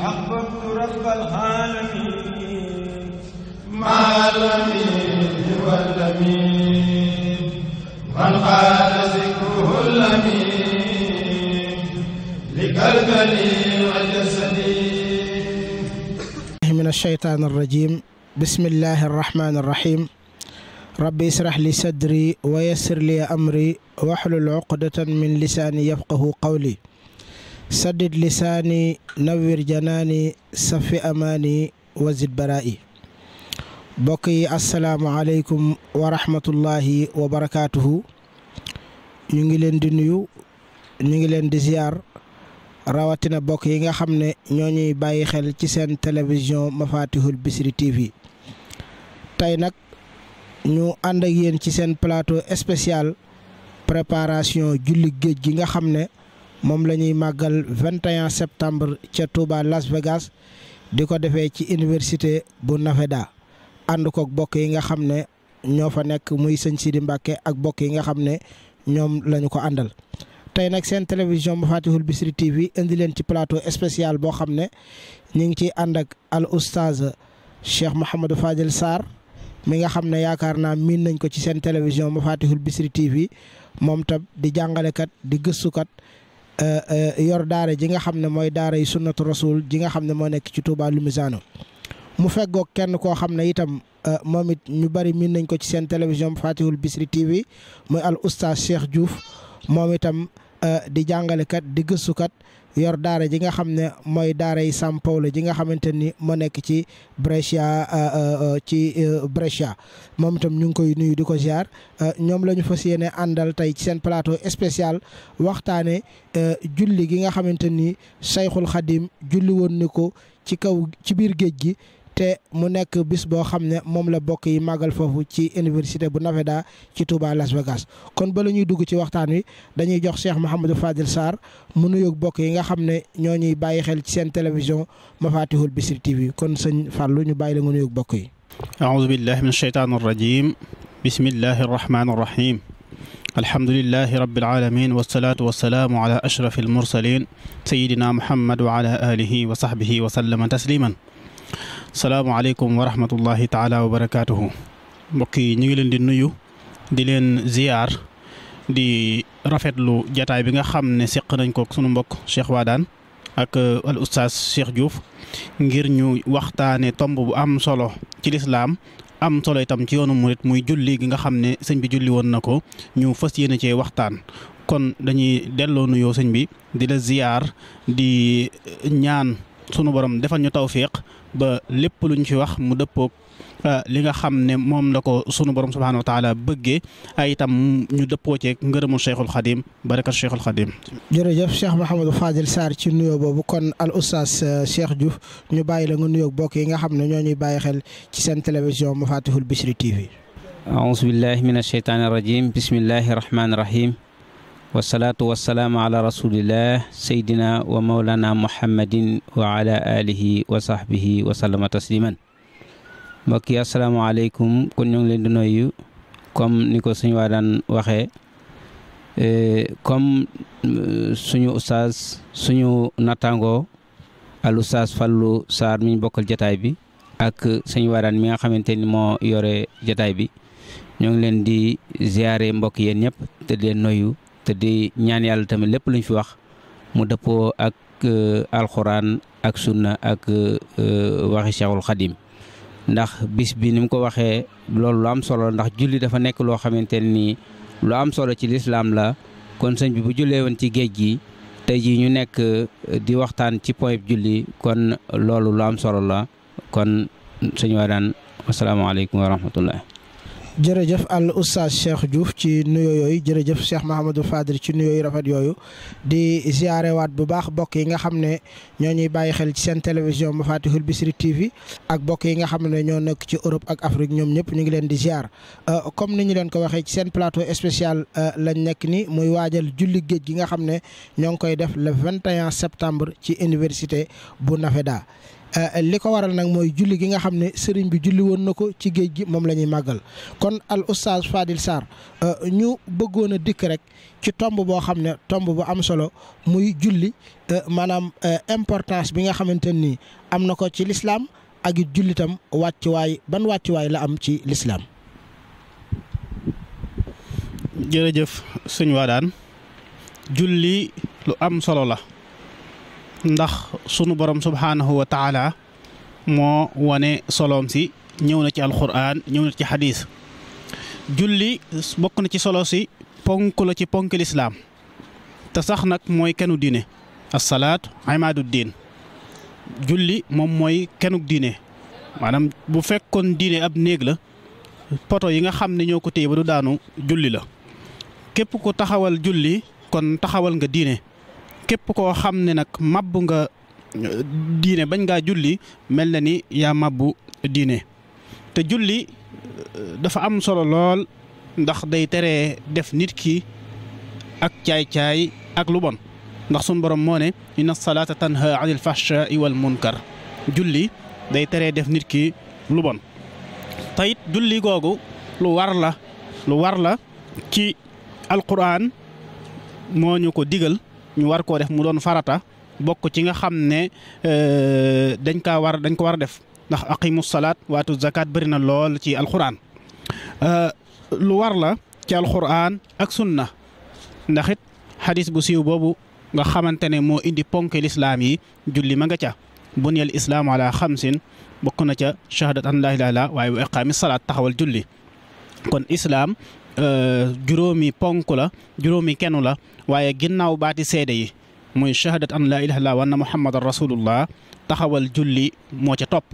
أحببت رب العالمين مع الأمين والأمين من قال ذكره الأمين لكربلي وجسدي من الشيطان الرجيم بسم الله الرحمن الرحيم ربي اشرح لي صدري ويسر لي أمري واحلل عقدة من لساني يفقه قولي saddid lisaani nawwir janaani safi amaani wazid baraa'i mbokk yi asalaamaaleykum wa rahmatullahi wa ñu ngi leen di nuyu ñu ngi leen di ziar rawatina bokk yi nga xam ne ñoo ñuy bàyyi xel ci seen télévision mafatihul bisri tv tey nag ñu ànd ak yéen ci seen plateau spécial préparation julli géej gi nga xam ne moom la ñuy màggal 21 septembre ca Touba Las Vegas di ko defee ci université bu Nafeda ànd koog bokk yi nga xam ne ñoo fa nekk muy sëñ Sidi Mbacke ak bokk yi nga xam ne ñoom la ko àndal. tey nag seen télévision Mafatihul Bichri TV indi leen ci plateau spécial boo xam ne ñu ngi ciy ànd ak al oustaz Cheikh Mouhamadou Fadil Sarr mi nga xam ne yaakaar naa miin nañ ko ci seen télévision Mafatihul Bichri TV moom tam di jàngalekat di gëstukat. Eh, eh, yor daara ji nga xam ne mooy daara yi sunnatu rasul ji nga xam ne moo nekk ci Touba Lumizano mu feggoog kenn koo xam ne itam eh, moom it ñu bari miin nañ ko ci seen télévision Fatihul Bichri TV muy al oustaz Cheikh Diouf moom itam di jàngalekat di gëstukat yor daara ji nga xam ne mooy daara yi São Paulo ji nga xamante ni moo nekk ci Brescia euh, euh, euh, ci Brescia moom itam ñu ngi koy nuyu di ko ziar ñoom la ñu fas yéene àndal tey ci seen plateau spécial waxtaane julli gi nga xamante ni Sayxul Xadim julli woon ni ko ci kaw ci biir géej gi te mu nekk bis boo xam ne moom la bokk yi màggal foofu ci université bu Nevada ci Touba Las Vegas kon ba la ñuy dugg ci waxtaan wi dañuy jox Cheikh Mouhamadou Fadil saar mu nuyoog bokk yi nga xam ne ñoo ñuy bàyyi xel ci seen télévision Mafatihul Bichri TV kon sëñ Fallou ñu bàyyi la nga nuyoog bokk yi aoudu billahi min asheytaan arrajim bismillahi arrahmani arrahim alhamdulilahi rabbil alamin wasalaatu wasalaamu ala ashraf almursalin sayidina muhammad wa ala alihi wa sahbihi wa sallama tasliman salaamaaleykum wa rahmatullahi taala wa barakaatuhu mbokk yi ñu ngi leen di nuyu di leen ziyaar di rafetlu jataay bi nga xam ne seq nañ ko sunu mbokk Cheikh Wadane ak euh, al oustaz Cheikh Diouf ngir ñu waxtaane tomb bu am solo ci lislaam am solo itam ci yoonu murit muy julli gi nga xam ne sëñ bi julli woon na ko ñu fas yéene cee waxtaan kon dañuy delloo nuyoo sëñ bi di la ziyaar di euh, ñaan sunu borom defal ñu tawfiq ba lépp ñu ci wax mu dëppoog euh, li nga xam ne moom la ko sunu borom subhaanahu wa taala bëggee ay itam ñu dëppoo ceeg ngërëmul Cheikhul Khadim barakat Cheikhul Khadim. jërëjëf Cheikh Mouhamadou Fadil Sarr ci nuyoo boobu kon al oustaz euh, Cheikh Diouf ñu bàyyi la nga nuyoog bokk yi nga xam ne ñoo ñuy bàyyi xel ci seen télévision Mafatihul Bichri TV. aouzu billahi mina shaytaani rajim bismillahi rahmaani rahim. wasalaatu wasalaamu ala rasulillah seydina wa maulana muhammadin wa ala alihi wa sahbihi wa sallama tasliman mbokk yi asalaamaaleykum kon ñoo ngi leen di nuyu comme ni ko suñu waa waxee e, comme euh, suñu ustaas suñu nattaangoo al ustaas Fallou Sarr mi bokkal jataay bi ak suñu waa mi nga xamante ni moo yore jataay bi ñoo ngi leen di ziare mbokk yen ñëpp te di leen nuyu te di ñaan yàlla tamit lépp luñ fi wax mu dëppoo ak euh, alxuraan ak sunna ak euh, waxi Cheikhul Xadim ndax bis bi ni mu ko waxee loolu lu am solo ndax julli dafa nekk loo xamante nii lu am solo ci lislaam la kon sëñ bi bu jullee woon ci géej gi tey jii ñu nekk euh, di waxtaan ci point julli kon loolu lu am solo la kon sëñ waa daan asalaamaaleykum wa rahmatullah jërëjëf al oustaz Cheikh Diouf ci nuyo yooyu jërëjëf Cheikh Mahamadou Fadri ci nuyo yu rafet yooyu di ziarewaat bu baax bokk yi nga xam ne ñoo ñuy bàyyi xel ci seen télévision Mafatihul Bichri TV ak bokk yi nga xam ne ñoo nekk ci Europe ak Afrique ñoom ñëpp ñu ngi leen di ziar euh, comme ni ñu leen ko waxee ci seen plateau spécial euh, lañ nekk ni muy waajal julli géej gi nga xam ne ñoo ngi koy def le 21 septembre ci université bu Nafeda Euh, li ko waral nag mooy julli gi nga xam ne sëriñ bi julli woon na ko ci géej gi moom la ñuy màggal kon al oustaz Fadil Sarr euh, ñu bëggoon a dikk rek ci tomb boo xam ne tomb bu am solo muy julli euh, maanaam importance bi nga xamante nii am na ko ci lislaam ak it jullitam wàccuwaay ban wàccuwaay la am ci lislaam jërëjëf sëñ Wadaan julli lu am solo la ndax sunu borom subhaanahu wa taala moo wane soloom si ñëw na ci alxuraan ñëw na ci xadiis julli bokk na ci solo si ponk la ci ponk lislaam te sax nag mooy kenu diine asalaat imaadu diin julli moom mooy kenuk diine maanaam bu fekkoon diine ab néeg la poto yi nga xam ne ñoo ko téye ba du daanu julli la képp ko taxawal julli kon taxawal nga diine képp koo xam ne nag mabbu nga euh, diine bañ ngaa julli mel na ni yaa màbbu diine te julli euh, dafa am solo lool ndax day tere def nit ki ak caay-caay ak lu bon ndax sun borom moo ne inna salaata tanha anil fahshaa'i wal munkar julli day tere def nit ki lu bon te julli googu lu war la lu war la ci alquran moo ñu ko digal ñu war koo def mu doon farata bokk ci nga xam ne euh, dañ ka war dañ ko war a def ndax aqimu salaat waatu zakat bëri na lool ci alxuraan euh, lu war la ci alxuraan ak sunna ndax it xadis bu siiw boobu nga xamante ne moo indi ponk lislaam yi julli ma nga ca bunyal islaamu ala xamsin bokk na ca shahadat an laa ilaaha waaye wa iqaami salaat taxawal julli kon islaam Euh, juróomi ponk la juróomi kenu la waaye ginnaaw baati seede yi muy shahadat an laa ilaha illallah wa anna muhammadan rasulullah taxawal julli moo ca topp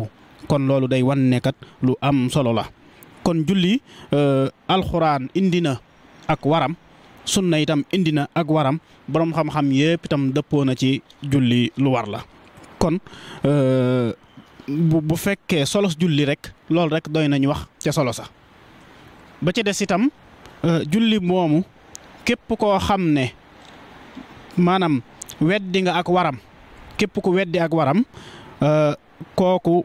kon loolu day wan ne lu am solo la kon julli euh, alxuraan indi na ak waram sunna itam indi na ak waram boroom xam-xam yépp itam dëppoo na ci julli lu war la kon euh, bu bu fekkee solos julli rek loolu rek doy nañu wax ca solo sa ba ci des itam Euh, julli moomu képp koo xam ne maanaam weddi nga ak waram képp ku weddi ak waram euh, kooku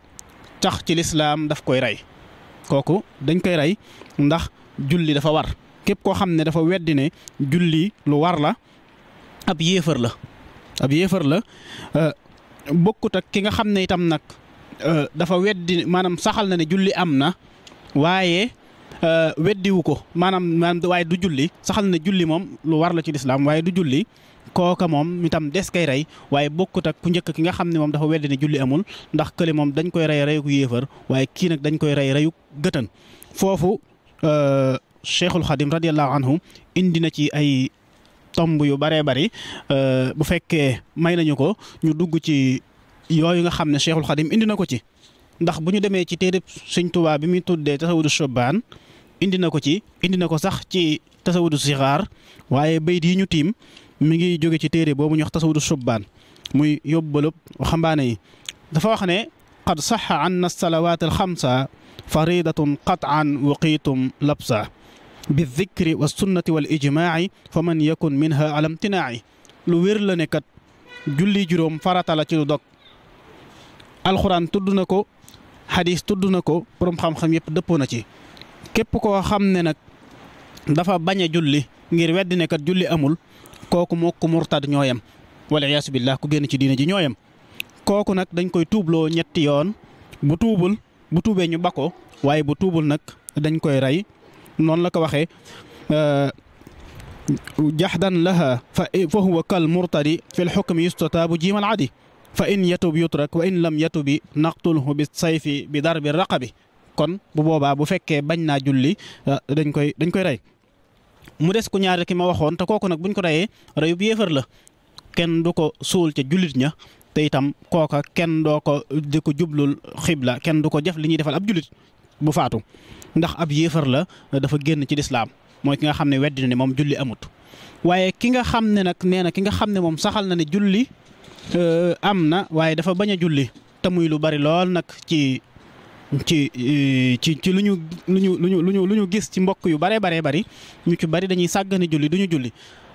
tax ci lislaam daf koy rey kooku dañ koy rey ndax julli dafa war képp koo xam ne dafa weddi ne julli lu war la ab yéefar la ab yéefar la euh, bokkut ak ki nga xam ne itam nag dafa weddi maanaam saxal na ne julli am na waaye Euh, weddiwu ko maanaam maanaam waaye du julli saxal na julli moom lu war la ci lislaam waaye du julli kooka moom itam des kay rey waaye bokkut ak ku njëkk ki nga xam ne moom dafa weddi ne julli amul ndax kële moom dañ koy rey reyuk yéefar waaye kii nag dañ koy rey reyuk gëtën foofu euh, Cheikhul Xadim radiallahu anhu indi na ci ay tomb yu bëree bëri euh, bu fekkee may nañu ko ñu dugg ci yooyu nga xam ne Cheikhul Xadim indi na ko ci ndax bu ñu demee ci téereb Sëñ Tuubaa bi muy tuddee tasawudu Shubbaan indi na ko ci indi na ko sax ci tasawudu sixaar waaye bayit yi ñu tiim mu ngi jóge ci téere boobu ñu wax tasawudu subbaan muy yóbbalub waxambaane yi dafa wax ne qad saxa anna salawaat alxamsa faridatun qataan waqiitum labsa bidikri wa sunnati wal ijmaaci lu wér la julli juróom faratala la ci lu dog alxuraan tudd na ko xadiis tudd na ko boroom xam-xam yëpp dëppoo na ci képp ko xam ne nag dafa bañ a julli ngir weddi ne julli amul kooku moo ku murtad ñooyam wala yaasu billah ku génn ci diina ji ñooyam kooku nag dañ koy tuubloo ñetti yoon bu tuubul bu tuubee ñu bako waaye bu tuubul nag dañ koy rey noonu la ko waxee euh, jaxdan laha fa huwa kal murtadi fi lxukmi yustataabu jiimal adi fa in yatub yutrak wa in lam yatubi naqtulhu bi sayfi bi darbi raqabi kon bu boobaa bu fekkee bañ naa julli euh, dañ koy dañ koy rey mu des ku ñaar ki ma waxoon te kooku nag buñ ko reyee reyub yéefar la kenn du ko suul ca jullit ña te itam kooka kenn doo ko di ko jublul xibla kenn du ko def li ñuy defal ab jullit bu faatu ndax ab yéefar la dafa génn ci lislaam mooy ki nga xam ne weddi na moom julli amut waaye ki nga xam ne nag nee na ki nga xam ne moom saxal na ne julli euh, am na waaye dafa bañ a julli te muy lu bari lool nag ci Eh, ci ci ci lu ñu lu ñu lu ñu lu ñu gis ci mbokk yu baree baree bari ñu ci bari dañuy sàggane julli du ñu julli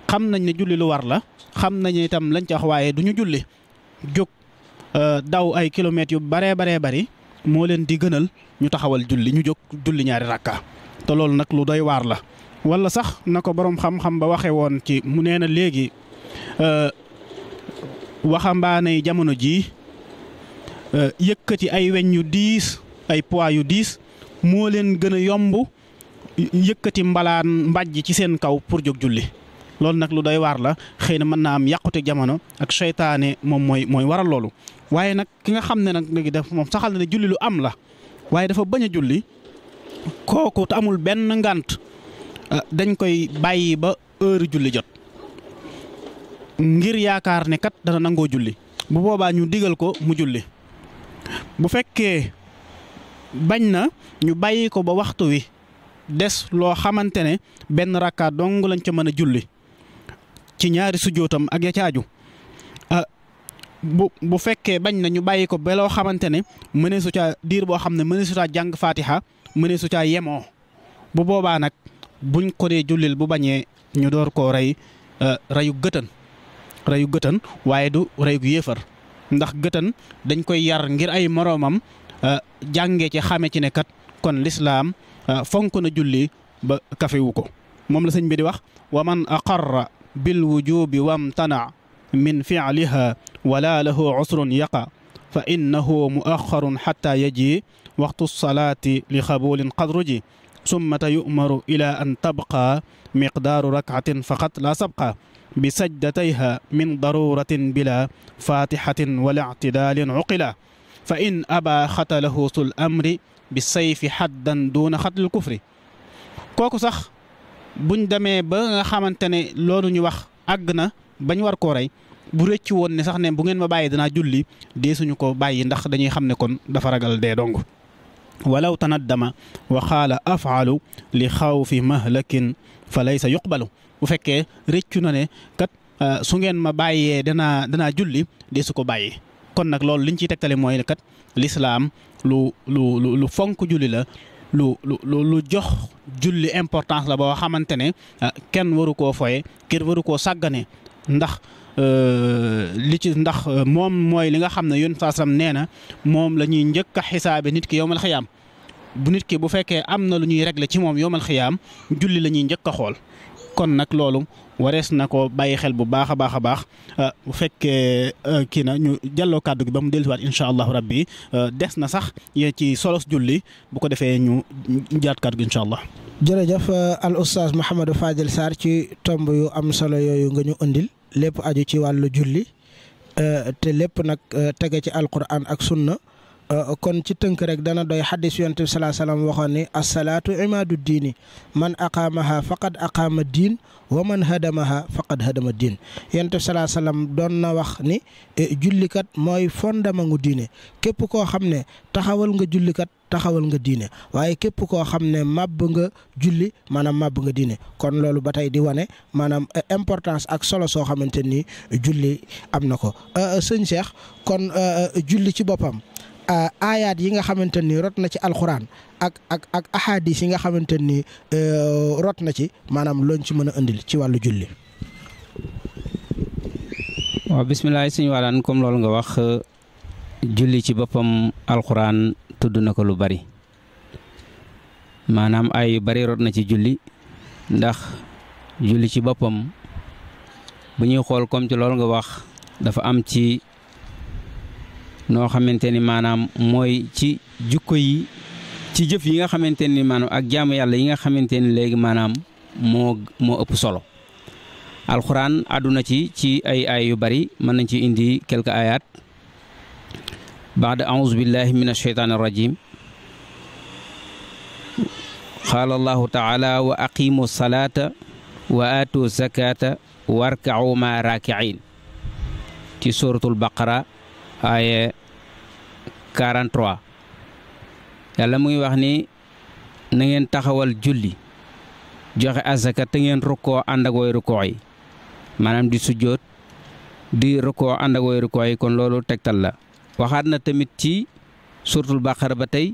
xam nañ ne julli lu war la xam nañu itam lañ ci wax waaye du ñu julli jóg eh, daw ay kilomètres yu baree baree bari moo leen di gënal ñu taxawal julli ñu jóg julli ñaari rakka te loolu nag lu doy waar la. wala sax na ko boroom xam-xam ba waxee woon ci mu nee na léegi eh, waxambaane jamono jii yëkkati ay weñ yu diis. ay poids yu diis moo leen gën a yomb yëkkati mbalaan mbàjj ci seen kaw pour jóg julli loolu nag lu day waar la xëy na mën naa am yàqute jamono ak seytaane moom mooy mooy waral loolu waaye nag ki nga xam ne nag léegi def moom saxal ne julli lu am la waaye dafa bañ a julli kooku te amul benn ngant ah, dañ koy bàyyi ba heure julli jot ngir yaakaar ne kat dana nangoo julli bu boobaa ñu digal ko mu julli bu fekkee bañ na ñu bàyyi ko ba waxtu wi des loo xamante ne benn rakkaa dong lañ ca mën a julli ci ñaari sujjootam ak ya ca ah, bu fekkee bañ na ñu bàyyi ko ba xamante ne mënee su caa diir boo xam ne mënee su caa jàng faatiha mënee su caa yemoo bu boobaa nag buñ ko dee jullil bu bañee ñu door koo rey ah, reyu gëtën reyu gëtën waaye du reyu yéefar ndax gëtën dañ koy yar ngir ay moroomam Euh, jàngee ci xame ci ne kat kon lislaam euh, fonk na julli ba kafewu ko moom la sëñ bi di wax wa man aqarra bil wujubi wamtana min fi'liha wala lahu usrun yaqa fa innahu muaxarun xata yaji waxtu salaati li xabulin qadru ji summa yu'maru ila an tabqa miqdaaru rakcatin faqat la sabqa bi sajdatayha min daruratin bila fatihatin wala ictidaalin uqila fa in aba xatalahu sul amri bi sayfi xaddan duuna xatlul kufri kooku sax buñ demee ba nga xamante ne looluñu wax àgg na bañ war koo rey bu rëcc woon ne sax ne bu ngeen ma bàyyi danaa julli dee suñu ko bàyyi ndax dañuy xam ne kon dafa ragal dee dong walaw tanaddama wa xaala afaalu li xawfi mahlakin fa lay sa laysa yuqbalu bu fekkee rëccu na ne kat ah, su ngeen ma bàyyee danaa danaa julli dee su ko bàyyi kon nag loolu liñ ciy tegtale mooy kat lislaam lu lu lu lu fonk julli la lu lu jox julli importance la boo xamante ne ah, kenn waru koo foye kenn waru koo sàggane ndax euh, li ci ndax euh, moom mooy li nga xam ne yoon saasam nee na moom la ñuy njëkk a xisaabe nit ki yowmal xiyaam bu nit ki bu fekkee am na lu ñuy régler ci moom yowmal xiyaam julli la ñuy njëkk a xool kon nag loolu warees na ko bàyyi xel bu baax a baax a baax euh, bu fekkee euh, kii na ñu jàlloo kàddu gi ba mu dellusiwaat incha allahu rabbi euh, des na sax ci solos julli bu ko defee ñu jaat kàddu gi incha allah. jërëjëf al oustaz Mouhamadou Fadil Sarr ci tomb yu am solo yooyu nga ñu indil lépp aju ci wàllu julli te lépp nag tege ci alquran ak sunna Euh, kon ci tënk rek dana doy xaddis yonent bi salaa salaam waxoon ni asalaatu imaadu diini man aqaamaha faqad aqaama diin wa man hadamaha faqad hadama diin yonent bi doon na wax ni eh, jullikat mooy fondamangu diine képp koo xam ne taxawal nga jullikat taxawal nga diine waaye képp koo xam ne màbb nga julli maanaam màbb nga diine kon loolu ba tey di wane maanaam eh, importance ak solo soo xamante ni julli am na ko euh, sëñ Cheikh kon euh, julli ci boppam. Euh, aayaat yi nga xamante ni rot na ci alxuraan ak ak ak ahadis yi nga xamante ni euh, rot na ci maanaam looñ ci mën a indil ci wàllu julli. waaw bisimilah sëñ Wadane comme loolu nga wax euh, julli ci boppam alxuraan tudd na ko lu bari maanaam ay yu rot na ci julli ndax julli ci boppam bu ñuy xool comme ci loolu nga wax dafa am ci. noo xamante ni maanaam mooy ci jukko yi ci jëf yi nga xamante ni maanaam ak jaamu yàlla yi nga xamante ni léegi maanaam moo ëpp solo alxuraan àdduna ci ci ay ay yu bari mën nañ ci indi quelques ayat baada auzu billahi min asheytaani rajim qaala allahu taala wa aqimu salaata wa aatu zakata warkau ma ci suratul baqara aaye 43 mu ngi wax ni na ngeen taxawal julli joxe azaka te ngeen rukkoo ànd ak woy di sujjoot di rukkoo ànd ak kon loolu tegtal la waxaat na tamit ci suratul baqara ba tey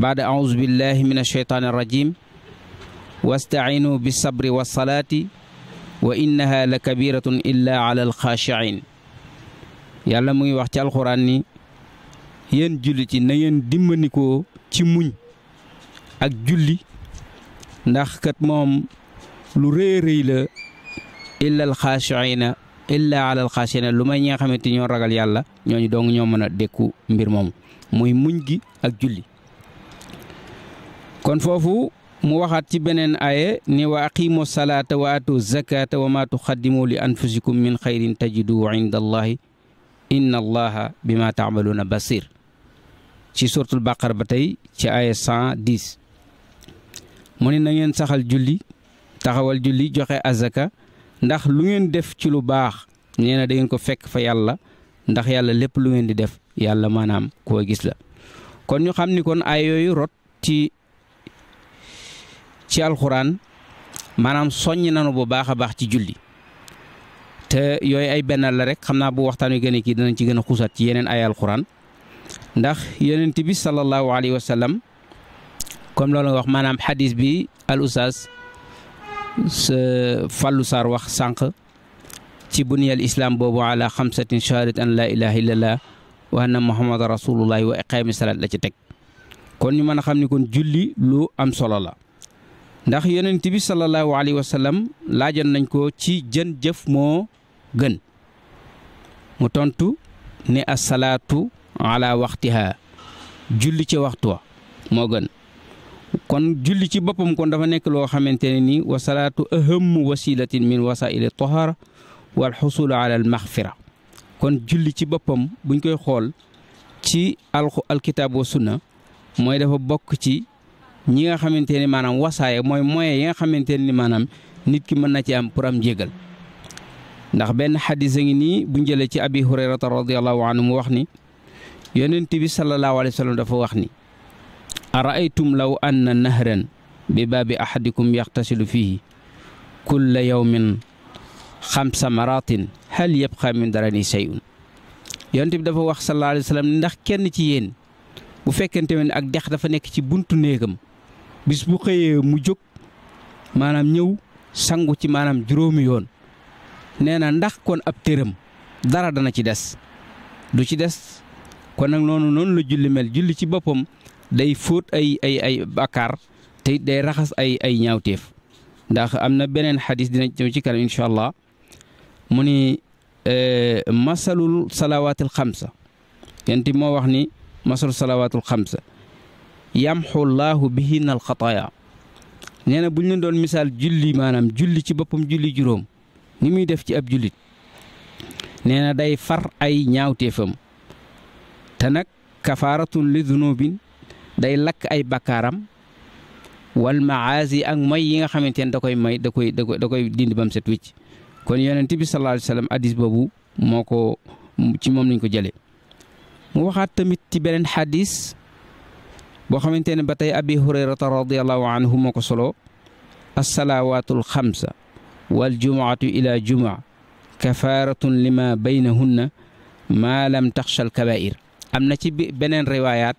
baada auzu billahi min asheytaani rajim wastaciinu bi sabri wa salaati wa innaha la kabiratun illa ala alxaashiin yàlla mu ngi wax ci alxuraan ni yéen jullit yi na ngeen dimbandikoo ci muñ ak julli ndax kat moom lu rëy rëy la illa al xaashiina illa ala al xaashiina lu may ñi nga xamante ñoo ragal yàlla ñoo ñooñu dong ñoo mën a dékku mbir moomu muy muñ gi ak julli kon foofu mu waxaat ci beneen aaye ni wa aqimu salaata waato atu zakata wa ma tuqaddimu li anfusikum min xayrin tajidu inda allahi inna allaha bima taamaluuna basir ci suratul bàqar ba tey ci aaya 110 mu ne na ngeen saxal julli taxawal julli joxe azaka ndax lu ngeen def ci lu baax nee na da ko fekk fa yàlla ndax yàlla lépp lu ngeen di def yàlla maanaam koo gis la kon ñu xam ni kon ay yooyu rot ci ci alxuraan maanaam soññ nanu bu baax a baax ci julli te yooyu ay bennal la rek xam naa bu waxtaan wi gën a kii danañ ci gën a xuusaat ci yeneen ay alquran ndax yonent bi sallallahu alayhi wa sallam comme loolu nga wax maanaam xadis bi al ustaas Fallou Sarr wax sànq ci buniyal islam boobu ala xamsatin shahadat an laa ilaha illallah wa anna muhammadan rasulullahi wa iqaami salaat la ci teg kon ñu mën a xam ni kon julli lu am solo la ndax yonent bi sallallahu alayhi wa sallam laajoon nañ ko ci jën jëf moo gën mu tontu ne asalaatu ala waxtiha julli ci waxtu wa moo gën kon julli ci boppam kon dafa nekk loo xamante ne nii wa salaatu ahamu wasilatin min wasaili tahara wal xusulu ala al maxfira kon julli ci boppam buñ koy xool ci al alkitaab wa sunna mooy dafa bokk ci ñi nga xamante ni maanaam wasaaya mooy moyen yi nga xamante ni maanaam nit ki mën na ci am pour am jégal ndax benn xadis a ngi nii bu njëlee ci abi hurayrata radiallahu anhu wax ni yonent bi sallallahu alayhi wa sallam dafa wax ni araaytum law anna nahran bi baabi ahadikum yaxtasilu fihi kulla yawmin xamsa maratin hal yabqa min darani sayun yonent bi dafa wax sa alayhi wa ndax kenn ci yéen bu fekkente ne ak dex dafa nekk ci buntu néegam bis bu xëyee mu jóg maanaam ñëw sangu ci maanaam juróomi yoon nee na ndax kon ab téram dara dana ci des du ci des kon nag noonu noonu la julli mel julli ci boppam day fóot ay ay ay bakkaar te day raxas ay ay ñaawteef ndax am na beneen xadis dina ñëw ci kanam incha allah mu ni e, masalul salawaatul xamsa kenti moo wax ni masalul salawaatul xamsa yamxu llaahu bihinna al xataaya nee na bu ñu leen doon misaal julli maanaam julli ci boppam julli juróom ni muy def ci ab jullit nee na day far ay ñaawteefam te nag kafaaratun li dunubin day lakk ay bakkaaram wal maasi ak may yi nga xamante ne da koy may da koy da koy koy dindi bam set wicc kon yonent bi sallallahu alayhi wa boobu moo ko ci moom lañ ko jëlee mu waxaat tamit ci beneen hadis boo xamante ne ba tey abi hurayrata radiallahu anhu moo ko solo assalawaatul xamsa wal jumaatu ila jumaa kafaaratun lima baynahunna maa lam taxsha al kabair am na ci beneen riwaayaat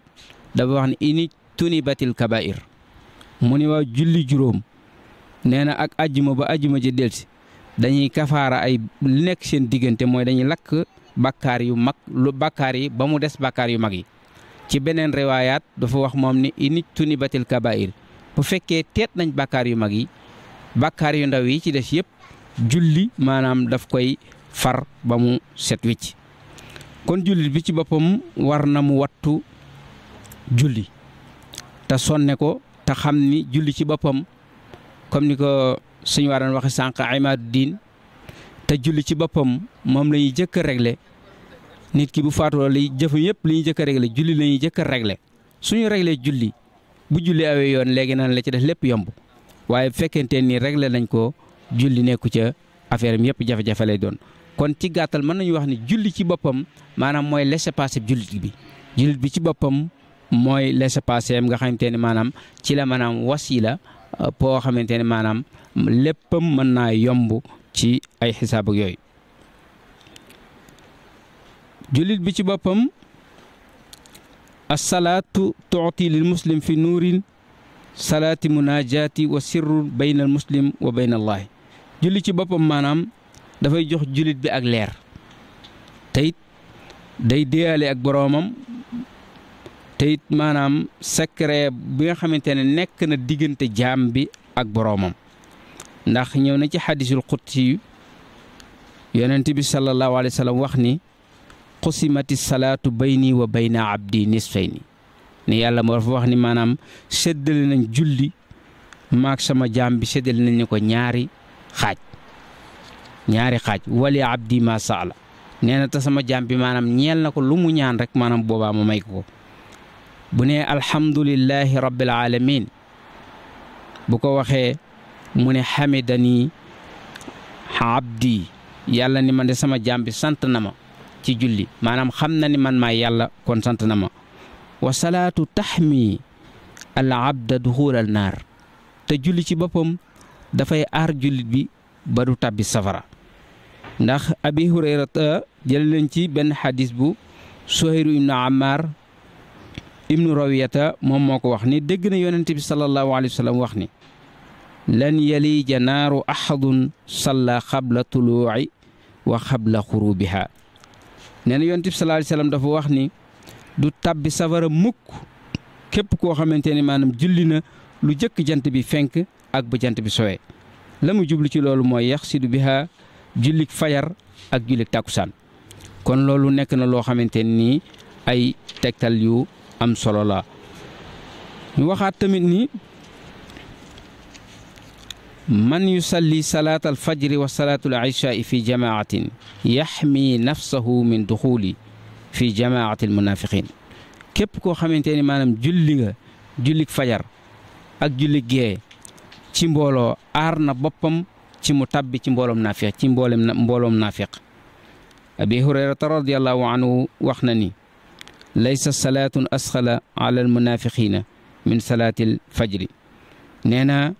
dafa wax ne ini tunibatil kabair mu ni waa julli juróom nee na ak ajjuma ba ajjuma ji delsi dañuy kafaara ay li nekk seen diggante mooy dañuy lakk bàkkaar yu mag lu bàkkaar yi ba mu des bakkaar yu mag yi ci beneen riwaayaat dafa wax moom ni init tuni batil kabair bu fekkee teet nañ bàkkaar yu mag yi bakkaar yu ndaw yi ci des yëpp julli maanaam daf koy far ba mu set wicc kon jullit bi ci boppam war na mu wattu julli te sonne ko te xam ni julli ci boppam comme ni ko suñu waa daan waxe sànq imaadu diin te julli ci boppam moom lañuy jëkk a nit ki bu faatoo li jëfu yëpp li ñuy jëkk a réglé julli la ñuy jëkk a réglé suñu réglé julli bu julli awee yoon léegi naan la ci def lépp yomb waaye bu fekkente ni réglé nañ ko julli nekku ca affaire am yëpp jafe-jafe lay doon. kon ci gàttal mën nañu wax ni julli ci boppam maanaam mooy laissez-passer jullit bi jullit bi ci boppam mooy laissez-passer am nga xamante ne maanaam ci la maanaam wasiila euh, boo xamante ne maanaam léppam mën naa yomb ci ay xisaab yooyu. jullit bi ci boppam assalaatu tuuti lil muslim fi nuurin salaati munaajaati wa sirrun bayna al muslim wa bayna allahi julli ci boppam maanaam dafay jox jullit bi ak leer teyit day déyaale ak boroomam teyit maanaam secret bi nga xamante ne nekk na diggante jaam bi ak boroomam ndax ñëw na ci xadiisul qudsi yonent bi sallallahu alayhi wax ni xusimati salaatu bayni wa bayna abdi nisfayni ne yàlla moo dafa wax ni maanaam séddale nañ julli maak sama jaam bi séddale nañ ne ko ñaari xaaj ñaari xaaj wali abdi ma saala nee na sama jaam bi maanaam ñeel na ko lu mu ñaan rek maanaam boobaa ma may ko bu ne alhamdulillahi rabbil alamin bu ko waxee mu ne xamidani abdi yàlla ni ma de sama jaam bi sant na ma ci julli maanaam xam na ni man maay yàlla kon sant na ma wa salaatu taxmi al abda duxuul al naar te julli ci boppam dafay aar jullit bi ba du tàbbi safara ndax abi hurayrata jël ci benn xadis bu sohayru ibnu ammaar ibnu rawiyata moom moo ko wax ni dégg na yonent bi sallallahu alayhi wa sallam wax ni lan yalija naaru ahadun salla xabla tuluuci wa xabla xurubiha nee na yonent bi sallallahu alayhi wasallam dafa wax ni du tàbbi safara mukk képp koo xamante ni maanaam julli na lu jëkk jant bi fenk ak bu jant bi sowee la mu jublu ci loolu mooy yax sidu biha jullik fajar ak jullik tàkkusaan kon loolu nekk na loo xamante nii ay tegtal yu am solo la ñu waxaat tamit ni man yusalli salaatal fajri wa salaatul ishaai fi jamaatin yaxmi nafsahu min duxuli fi jamaatil munaafiqiin képp koo xamante ni maanaam julli nga jullik fajar ak jullik gee ci mbooloo aar na boppam ci mu tabbi ci mbooloom naafiq ci mboolem mbooloom naafiq abi hurayrata radiallahu anhu wax na ni laysa salaatun asxala ala almunaafiqiina min salaatil fajri nee na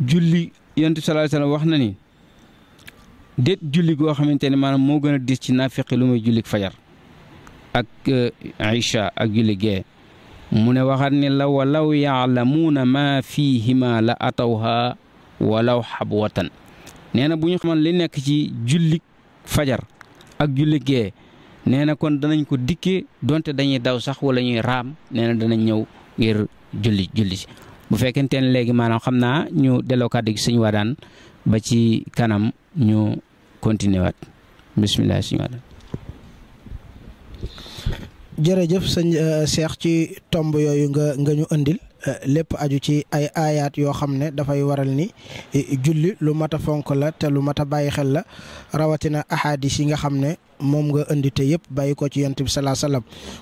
julli yonent wax na ni déet julli goo xamante ne maanaam moo gën a diis ci naafiqi lu muy jullik fajar ak euh, Aïcha ak julli gee mu ne waxaat ni la walaw yaalamuuna maa fiihima la atawha walaw xabwatan nee na bu ñu xaman li nekk ci jullik fajar ak julli gee nee na kon danañ ko dikkee donte dañuy daw sax wala ñuy raam nee na danañ ñëw ngir julli julli si bu fekkente ne léegi maanaam xam naa ñu delloo kàddu gi suñu ba ci kanam ñu continuer waat bisimilah suñu waadaan euh, Cheikh ci tomb yooyu nga nga ñu indil Eh, lépp aju ci ay aayaat yoo xam ne dafay waral ni eh, julli lu mat a fonk la te lu mat a bàyyi xel la rawatina ahadis yi nga xam ne moom nga indi te yëpp bàyyi ko ci yonent bi salaa salaam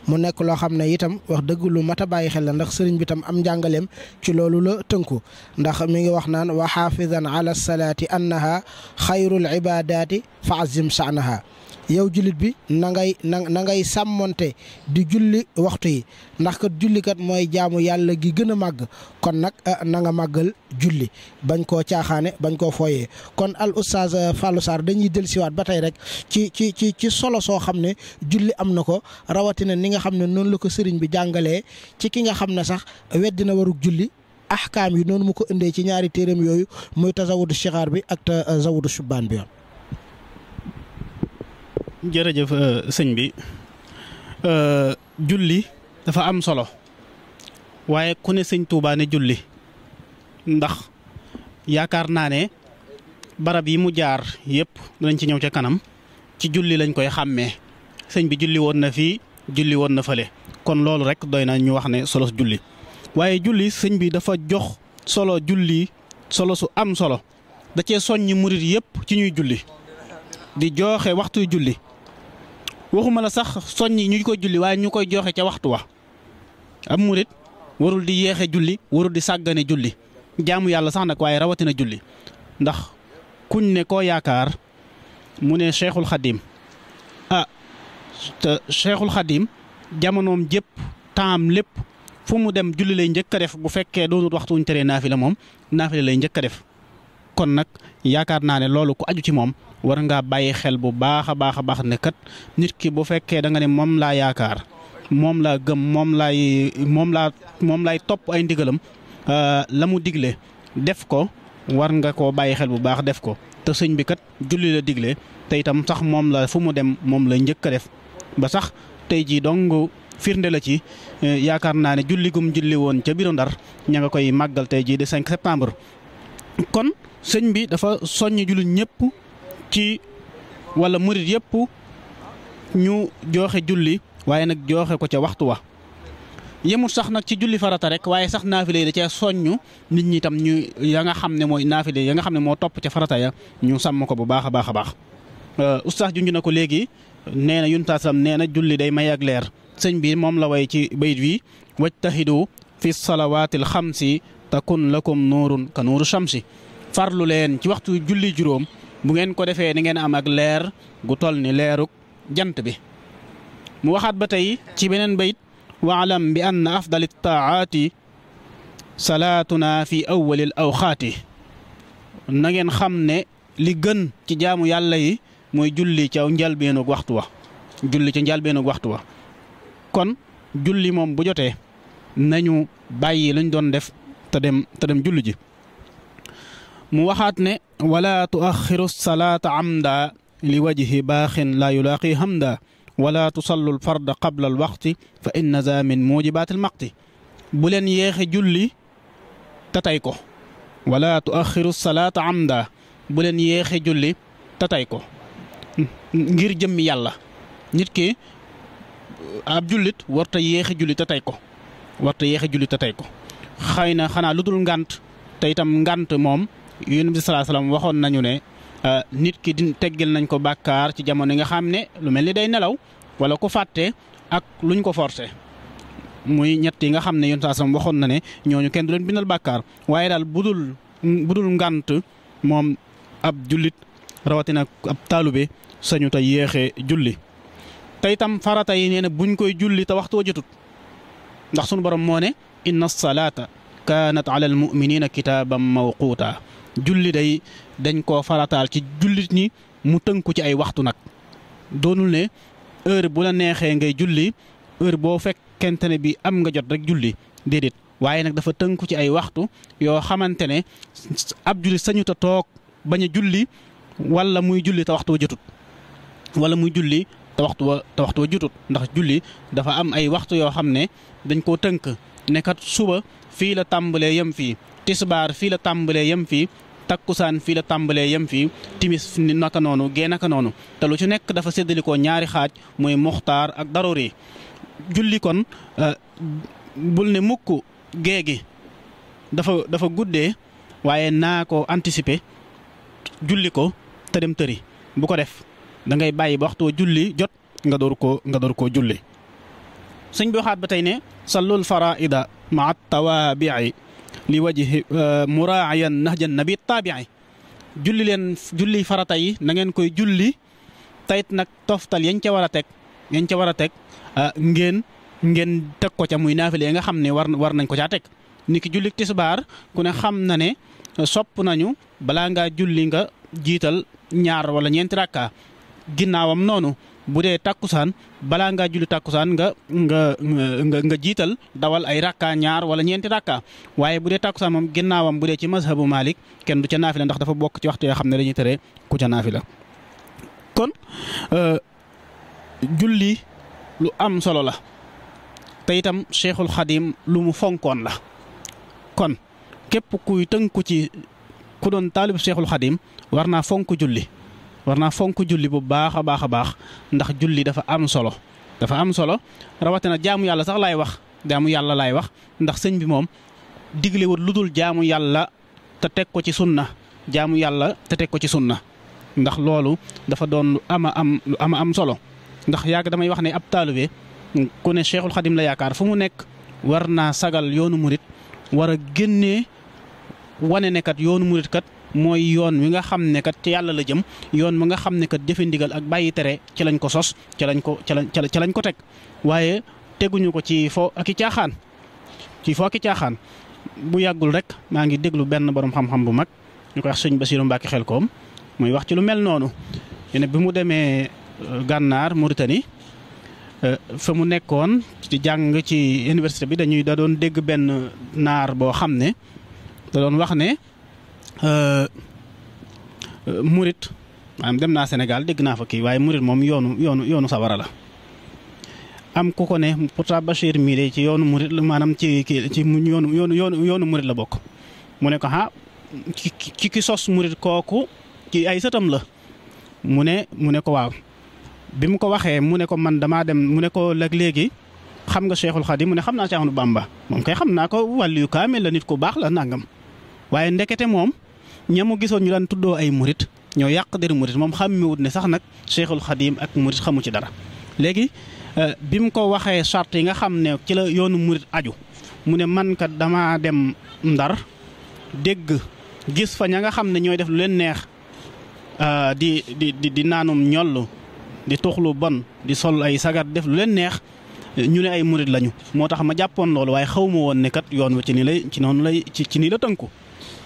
mu nekk loo xam ne itam wax dëgg lu mat a bàyyi xel la ndax sëriñ bi tam am njàngaleem ci loolu la tënku ndax mi ngi wax naan wa xaafidan ala salaati annaha xayrul ibadaati fa azim saanaha yow jullit bi na ngay na na ngay sàmmonte di julli waxtu yi ndax kat jullikat mooy jaamu yàlla gi gën a màgg kon nag eh, na nga màggal julli bañ koo caaxaane bañ koo fooyee kon al oustaz eh, Fallou dañuy dañuy siwaat ba tey rek ci ci ci ci solo soo xam ne julli am na ko rawatina ni nga xam ne noonu la ko sëriñ bi jàngalee ci ki nga xam ne sax weddi na warug julli ahkaam yi noonu mu ko indee ci ñaari téereem yooyu muy tasawudu sixaar bi ak tasawudu eh, subbaan bi yoon jërëjëf euh, sëñ bi euh, julli dafa am solo waaye ku ne sëñ Touba julli ndax yaakaar naa ne barab yi mu jaar yëpp dinañ ci ñëw ca kanam ci julli lañ koy xàmmee sëñ bi julli woon na fii julli woon na fële kon loolu rek doy na ñu wax ne solo julli waaye julli sëñ bi dafa jox solo julli solo su am solo da cee soññi murit yëpp ci ñuy julli di joxe waxtu julli. waxuma la sax yi ñu ko julli waaye ñu koy joxe ca waxtu wa am murit warul di yeexe julli warul di sàggane julli jaamu yàlla sax nag waaye rawatina julli ndax kuñ ne koo yaakaar mu ne cheikhul xadim ah te cheikhul xadim jamonoom jëpp taam lépp fu mu dem julli lay njëkk a def bu fekkee doonut waxtu wuñ teree la moom naafila lay njëkk a def kon nag yaakaar naa ne loolu ku aju ci moom war ngaa bàyyi xel bu baax a baax a baax ne kat nit ki bu fekkee danga nga ne moom laa yaakaar moom laa gëm moom laay moom laa moom laay topp ay ndigalam euh, la mu digle def ko war nga koo bàyyi xel bu baax def ko te sëñ bi kat julli la digle te itam sax moom la fu mu dem moom la njëkk a def ba sax tey jii dong firnde la ci euh, yaakaar naa ne julli gum julli woon ca biiru Ndar ña nga koy màggalte jii de 5 septembre. kon sëñ bi dafa soññ jullit ñëpp ci wala murit yëpp ñu jooxe julli waaye nag jooxe ko ca waxtu wa yemul sax nag ci julli farata rek waaye sax naafile yi da cee soññ nit ñi tam ñu ya nga xam ne mooy naafile ya nga xam ne moo topp ca farata ya ñu sàmm ko bu baax a baax a baax. Euh, oustaz junj na ko léegi nee na yunta nee na julli day may ak leer sëñ bii moom la way ci bayit wi wajtahidu fi salawaatil xamsi takun lakum nuurun ka nuuru samsi farlu leen ci waxtu julli juróom bu ngeen ko defee ni ngeen am ak leer gu toll ni leeruk jant bi mu waxaat ba tey ci beneen bayit waalam bi anna afdal taaati salaatuna fi aw awxaati na ngeen xam ne li gën ci jaamu yàlla yi mooy julli ca njalbeenug waxtu wa julli ca njalbeenug waxtu wa kon julli moom bu jotee nañu bàyyi luñ doon def te mu waxaat ne wala tuaxiru salaata amda li wajhi baaxin laa yulaaqi hamda wala tusallu alfarda qabla alwaqti fa inna za min mujibaat almaqti bu leen yéexe julli te tey ko wala tuaxiru salaata amda bu leen yéexe julli te ko ngir jëmmi yàlla nit ki ab jullit warta yéexe julli te tey ko warta yéexe julli te ko xëy na xanaa lu dul ngant te itam ngant moom yonent bi salaa waxoon nañu ne euh, nit ki di teggil nañ ko bàkkaar ci jamono yi nga xam ne lu mel ni day nelaw wala ku fàtte ak luñ ko forcé muy ñett yi nga xam ne yonent salaa waxoon na ne ñooñu kenn du leen bindal bàkkaar waaye daal budul budul ngant moom ab jullit rawatina ab taalube sañu te yéexee julli te itam farata yi nee na buñ koy julli te waxtu wa jotut ndax sunu borom moo ne inna salaata kaanat ala al muminina kitaaban mawquuta julli day dañ koo farataal ci jullit ni mu tënku ci ay waxtu nag doonul ne heure bu la neexee ngay julli heure boo fekkente ne bi am nga jot rek julli déedéet waaye nag dafa tënku ci ay waxtu yoo xamante ne ab julli sañu ta toog bañ a julli wala muy julli te waxtu wa jotut wala muy julli te waxtu wa te waxtu wa jotut ndax julli dafa am ay waxtu yoo xam ne dañ koo tënk nekkat suba fii la tàmbalee yam fii tisbaar fii la tàmbalee yam fii takkusaan fii la tàmbalee yam fii timis naka noonu gee naka noonu te lu ci nekk dafa séddalikoo ñaari xaaj muy muxtaar ak daruri julli kon euh, bul ne mukk gee gi dafa dafa guddee waaye naa ko anticiper julli ko te dem bu ko def da ngay bàyyi ba waxtu julli jot nga door ko nga door koo julli sëñ bi waxaat ba tey ne sallul faraida maa tawaabii li wajhi euh, muraayan nahjan nabi taabii julli leen julli farata yi na ngeen koy julli tayit nag toftal yañ ca war a teg yañ ca war a teg euh, ngeen ngeen teg ko ca muy naafile nga xam ne war war nañ ko caa teg ni ki julli tisbaar ku ne xam na ne sopp nañu balaa ngaa julli nga jiital ñaar wala ñeenti rakka ginnaawam noonu bu dee tàkkusaan balaa ngaa julli tàkkusaan nga nga nga nga jiital dawal ay rakka ñaar wala ñeenti rakka waaye bu dee tàkkusaan moom ginnaawam bu dee ci mazhabu Malik kenn du ca naafila ndax dafa bokk ci waxtu yoo xam ne dañuy tere ku ca naafila kon euh, julli lu am solo la te itam Cheikhul Xadim lu mu fonkoon la kon képp kuy tënku ci ku doon taalib Cheikhul Xadim war naa fonk julli war naa fonk julli bu baax a baax a baax ndax julli dafa am solo dafa am solo rawatina jaamu yàlla sax laay wax jaamu yàlla laay wax ndax sëñ bi moom diglewut lu dul jaamu yàlla te teg ko ci sunna jaamu yàlla te teg ko ci sunna ndax loolu dafa doon lu ama am lu am solo ndax yàgg damay wax ne ab taalibe ku ne Cheikhul Xadim la yaakaar fu mu nekk war naa sagal yoonu murit war a génnee wane ne kat yoonu murit kat mooy yoon wi nga xam ne kat ci yàlla la jëm yoon wi nga xam ne kat jëfe ak bàyyi tere ci lañ ko sos ci lañ ko ci lañ ci lañ ko teg waaye teguñu ko ci fo ak i caaxaan ci fo caaxaan bu yàggul rek maa ngi déglu benn borom xam-xam bu mag ñu koy wax sëñ Basiru Mbàkke xel koom muy wax ci lu mel noonu ne bi mu demee euh, gànnaar Mauritanie euh, fa mu nekkoon ci jàng ci université bi dañuy da doon dégg benn naar boo xam ne da doon wax ne. Euh, euh, murit maanaam dem naa Sénégal dégg naa fa kii waaye murit moom yoonu yoonu yoonu sawara la am ku ko ne pourtant Bachir mii de ci yoonu murit la maanaam ci kii ci yoonu yoonu yoonu yoonu murit la bokk mu ne ko ah ki ki sos murit kooku ci ay sëtam la mu ne mu ne ko waaw bi mu ko waxee mu ne ko man damaa dem mu ne ko lag léegi xam nga Cheikhul Khadim mu ne xam naa Cheikh Ahmadou Bamba moom kay xam naa ko wàllu kaamil la nit ku baax la nangam waaye ndekete moom ña mu gisoon ñu daan tuddoo ay murit ñoo yàq deru murit moom xàmmewut ne sax nag Cheikhul Xadim ak murit xamu ci dara léegi euh, bi mu ko waxee charte yi nga xam ne ci la yoonu murit aju mu ne man kat damaa dem ndar dégg gis fa ña nga xam ne ñooy def lu leen neex euh, di di di di naanum ñoll di tuxlu bon di sol ay sagar def lu leen neex ñu ne ay murit lañu moo tax ma jàppoon loolu waaye xaw ma woon ne yoon wi ci nii lay ci noonu lay ci ci nii la tënku.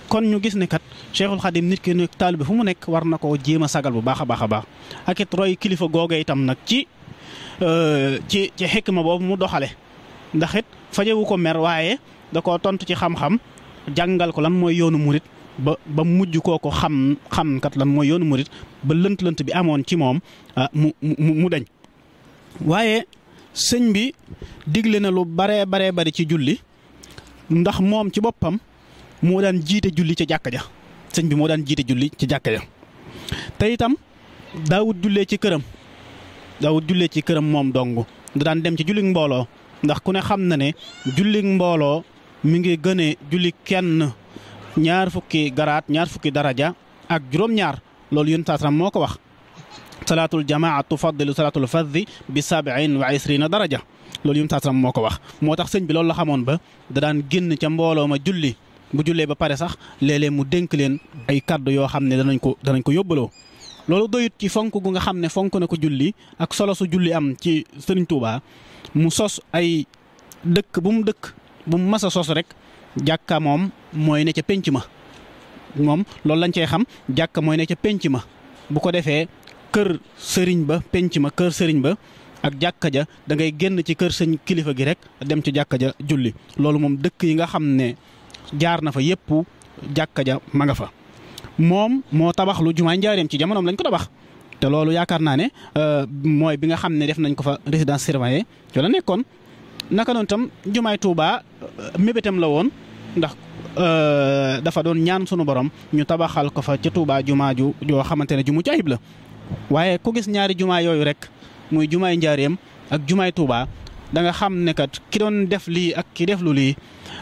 kon ñu gis ne kat Cheikhul Khadim nit ki nag taalibe fu mu nekk war na koo jéema a sagal bu baax a baax a baax ak roy kilifa googee itam nag ci euh, ci ci xikma boobu mu doxale ndax it fajewu ko mer waaye da koo tontu ci xam-xam jàngal ko lan mooy yoonu murit ba ba mujj kooku xam xam kat lan mooy yoonu murit ba lënt-lënt bi amoon ci moom ah, mu mu mu dañ waaye sëñ bi digle na lu baree bare bari ci julli ndax moom ci boppam. moo daan jiite julli ca jàkka ja sëñ bi moo daan jiite julli ca jàkka ja te itam daawut jullee ci këram daawut jullee ci këram moom dong da daan dem ci julli mbooloo ndax ku ne xam na ne julli mbooloo mu ngi gënee julli kenn ñaar fukki garaat ñaar fukki daraja ak juróom-ñaar loolu yun taasram moo ko wax salaatul jamaa tufaddilu salaatul faddi bi sabiin wa isrina daraja loolu yun taasram moo ko wax moo tax sëñ bi loolu la xamoon ba da daan génn ca mbooloo ma julli bu jullee ba pare sax léeg mu dénk leen ay kàddu yoo xam ne danañ ko danañ ko yóbbaloo. loolu doyut ci fonk gu nga xam ne fonk ne ko julli ak solo su julli am ci Serigne Touba mu sos ay dëkk bu mu dëkk bu mu mas sos rek jàkka moom mooy ne ca penc ma. moom loolu lañ cey xam jàkka mooy ne ca penc ma bu ko defee kër sëriñ ba penc ma kër sëriñ ba ak jàkka ja dangay génn ci kër sëñ kilifa gi rek dem ci jàkka ja julli loolu moom dëkk yi nga xam ne jaar na fa yépp jàkka ja ma nga fa moom moo tabax lu jumaa njaareem ci jamonoom lañ ko tabax te loolu yaakaar naa ne euh, mooy bi nga xam ne def nañ ko fa résidence surveillée ci la nekkoon naka noonu tam jumaay Touba euh, mébétam la woon ndax euh, dafa doon ñaan sunu borom ñu tabaxal ko fa ca Touba jumaa ju joo xamante ne ju mucc ayib la waaye ku gis ñaari jumaa yooyu rek muy jumaay njaareem ak jumaay Touba danga xam ne kat ki doon def lii ak ki def lu lii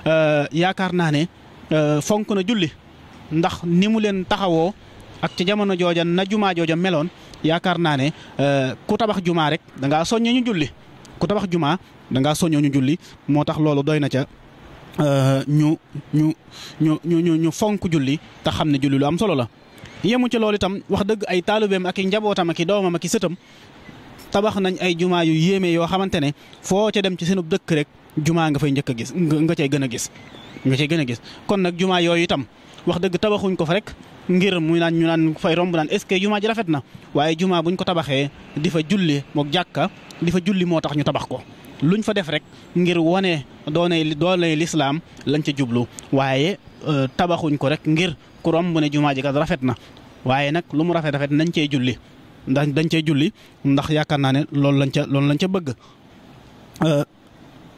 Euh, yaakaar naa ne euh, fonk na julli ndax ni mu leen taxawoo ak ci jamono jooja na jumaa jooja meloon yaakaar naa ne euh, ku tabax jumaa rek da ngaa soññee ñu julli ku jumaa da ngaa soññee ñu moo tax loolu doy na ca ñu ñu ñu ñu ñu fonk julli te xam ne julli lu am solo la. yemu ci loolu itam wax dëgg ay taalibeem ak i njabootam ak i doomam ak i sëtam tabax nañ ay jumaa yu yéeme yoo xamante ne foo ca dem ci seenub dëkk rek. jumaa nga fay njëkk a gis nga cay gën a gis nga cay gën a gis kon nag jumaa yooyu itam wax dëgg tabaxuñ ko fa rek ngir muy naan ñu naan fay romb naan est-ce que jumaa ji rafet na waaye jumaa buñ ko tabaxee di fa julli mook jàkka di fa julli moo tax ñu tabax ko luñ fa def rek ngir wane doonay doonay lislaam lañ ca jublu waaye euh, tabaxuñ ko rek ngir ku romb ne jumaa ji kat rafet na waaye nag lu mu rafet rafet nañ cee julli ndax dañ cey julli ndax yaakaar naa ne loolu lañ ca loolu lañ ca bëgg euh,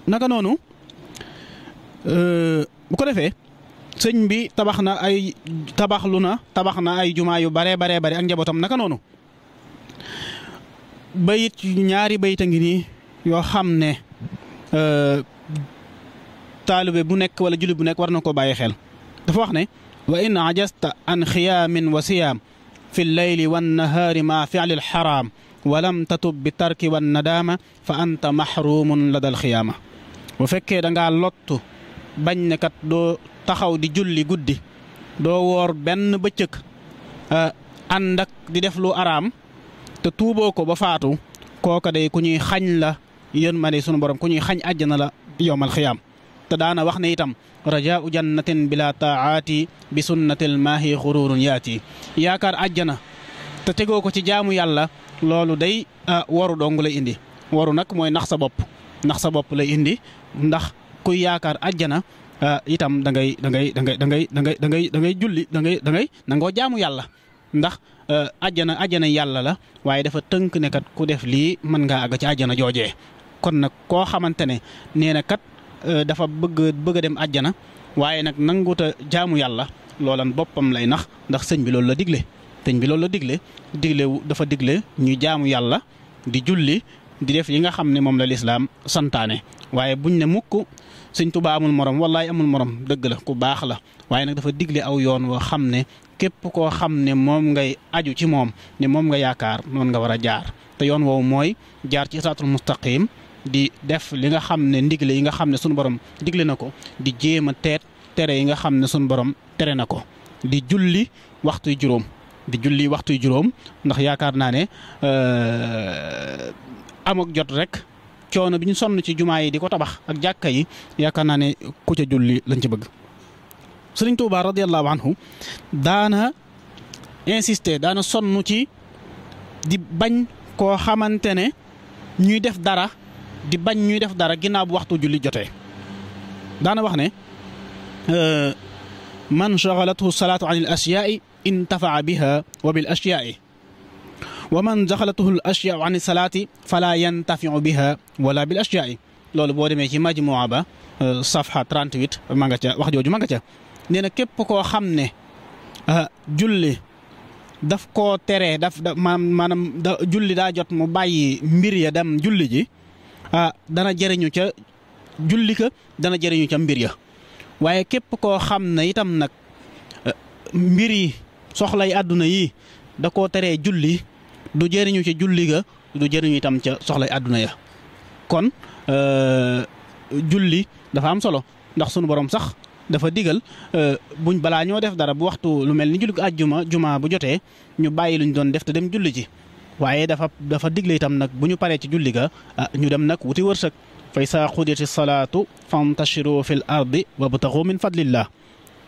naka noonu euh, bu ko defee sëñ bi tabax na ay tabaxlu na tabax na ay jumaa yu baree baree bari ak njabootam naka noonu bayit ñaari bayit a ngi yoo xam ne euh, taalibe bu nekk wala jullit bu nekk war na ko bàyyi xel dafa wax ne wa in ajasta an xiyaamin wa fi leyli wa nahaari ma fi'li alxaraam wa tatub bi tarki wa nadaama fa anta maxruumun lada alxiyaama bu fekkee da ngaa bañ ne kat doo taxaw di julli guddi doo woor benn bëccëg ah, ànd ak di def lu araam te tuuboo ko ba faatu kooka day ku ñuy xañ la yéen ma ne sunu borom ku ñuy xañ àjjana la yowmal am te daana wax ne itam rajaau jannatin bila taaati bi sunnatil maahi xururun yaati yaakaar àjjana te tegoo ko ci jaamu yàlla loolu day ah, waru dong lay indi waru nag mooy nax sa bopp nax sa bopp lay indi ndax kuy yaakaar àjjana eh, itam da ngay dangay dangay dangay ngay da ngay da ngay da ngay da julli da nangoo jaamu yàlla ndax eh, àjjana àjjana yàlla la waaye dafa tënk nekkat kat ku def lii mën ngaa àgg ci àjjana jooje kon nag koo xamante ne nee na kat eh, dafa bëgg bëgg dem àjjana waaye nag nanguut jaamu yàlla loolan boppam lay nax ndax sëñ bi loolu la digle sëñ bi loolu la digle digle dafa digle ñu jaamu yàlla di julli di def yi nga xam ne moom la lislaam santaane waaye buñ ne mukk sëñ Tuubaa amul moroom wallaay amul moroom dëgg la ku baax la waaye nag dafa digle aw yoon woo xam ne képp koo xam ne moom ngay aju ci moom ne moom nga yaakaar noonu nga war a jaar te yoon woowu mooy jaar ci siraatul mustaqim di def li nga xam ne ndigle yi nga xam ne sunu borom digle na ko di jéem a teet tere yi nga xam ne suñ borom tere na ko di julli waxtu juróom di julli waxtu juróom ndax yaakaar naa ne euh, amook jot rek coono bi ñu sonn ci jumaa yi di ko tabax ak jàkka yi yaakaar naa ne ku ca julli lañ ci bëgg. Sëriñ Tuubaa radiyallaahu anhu daana insister daana sonn ci di bañ koo xamante ne ñuy def dara di bañ ñuy def dara ginnaaw bu waxtu julli jotee daana wax ne. Euh, man shagalathu salaatu an al asyaai bi biha wa bil asyaai wa man jaxalatuhu l ashyaau an salaati fala yantafiu biha wala bil yi loolu boo demee ci majmuwa ba euh, safha 38 ma nga ca wax jooju manga nga ca nee na képp koo xam ne euh, julli daf koo tere daf maanaam da julli daa jot mu bàyyi mbir ya dem julli ji euh, dana jëriñu ca julli ka dana jëriñu ca mbir ya waaye képp koo xam ne itam nag mbir yi soxlay àdduna yi da koo teree julli du jëriñu ci julli ga du jëriñu itam ca soxlay àdduna ya kon euh, julli dafa am solo ndax sunu borom sax dafa digal euh, buñ balaa ñoo def dara bu waxtu lu mel ni julli àjjuma juma bu jotee ñu bàyyi luñ doon def te dem julli ci waaye dafa dafa digle itam nag bu ñu paree ci julli ga ah, ñu dem nag wuti wërsëg fa izaa qudiyati salaatu fantashiru fil ardi wabtaxu min fadlillah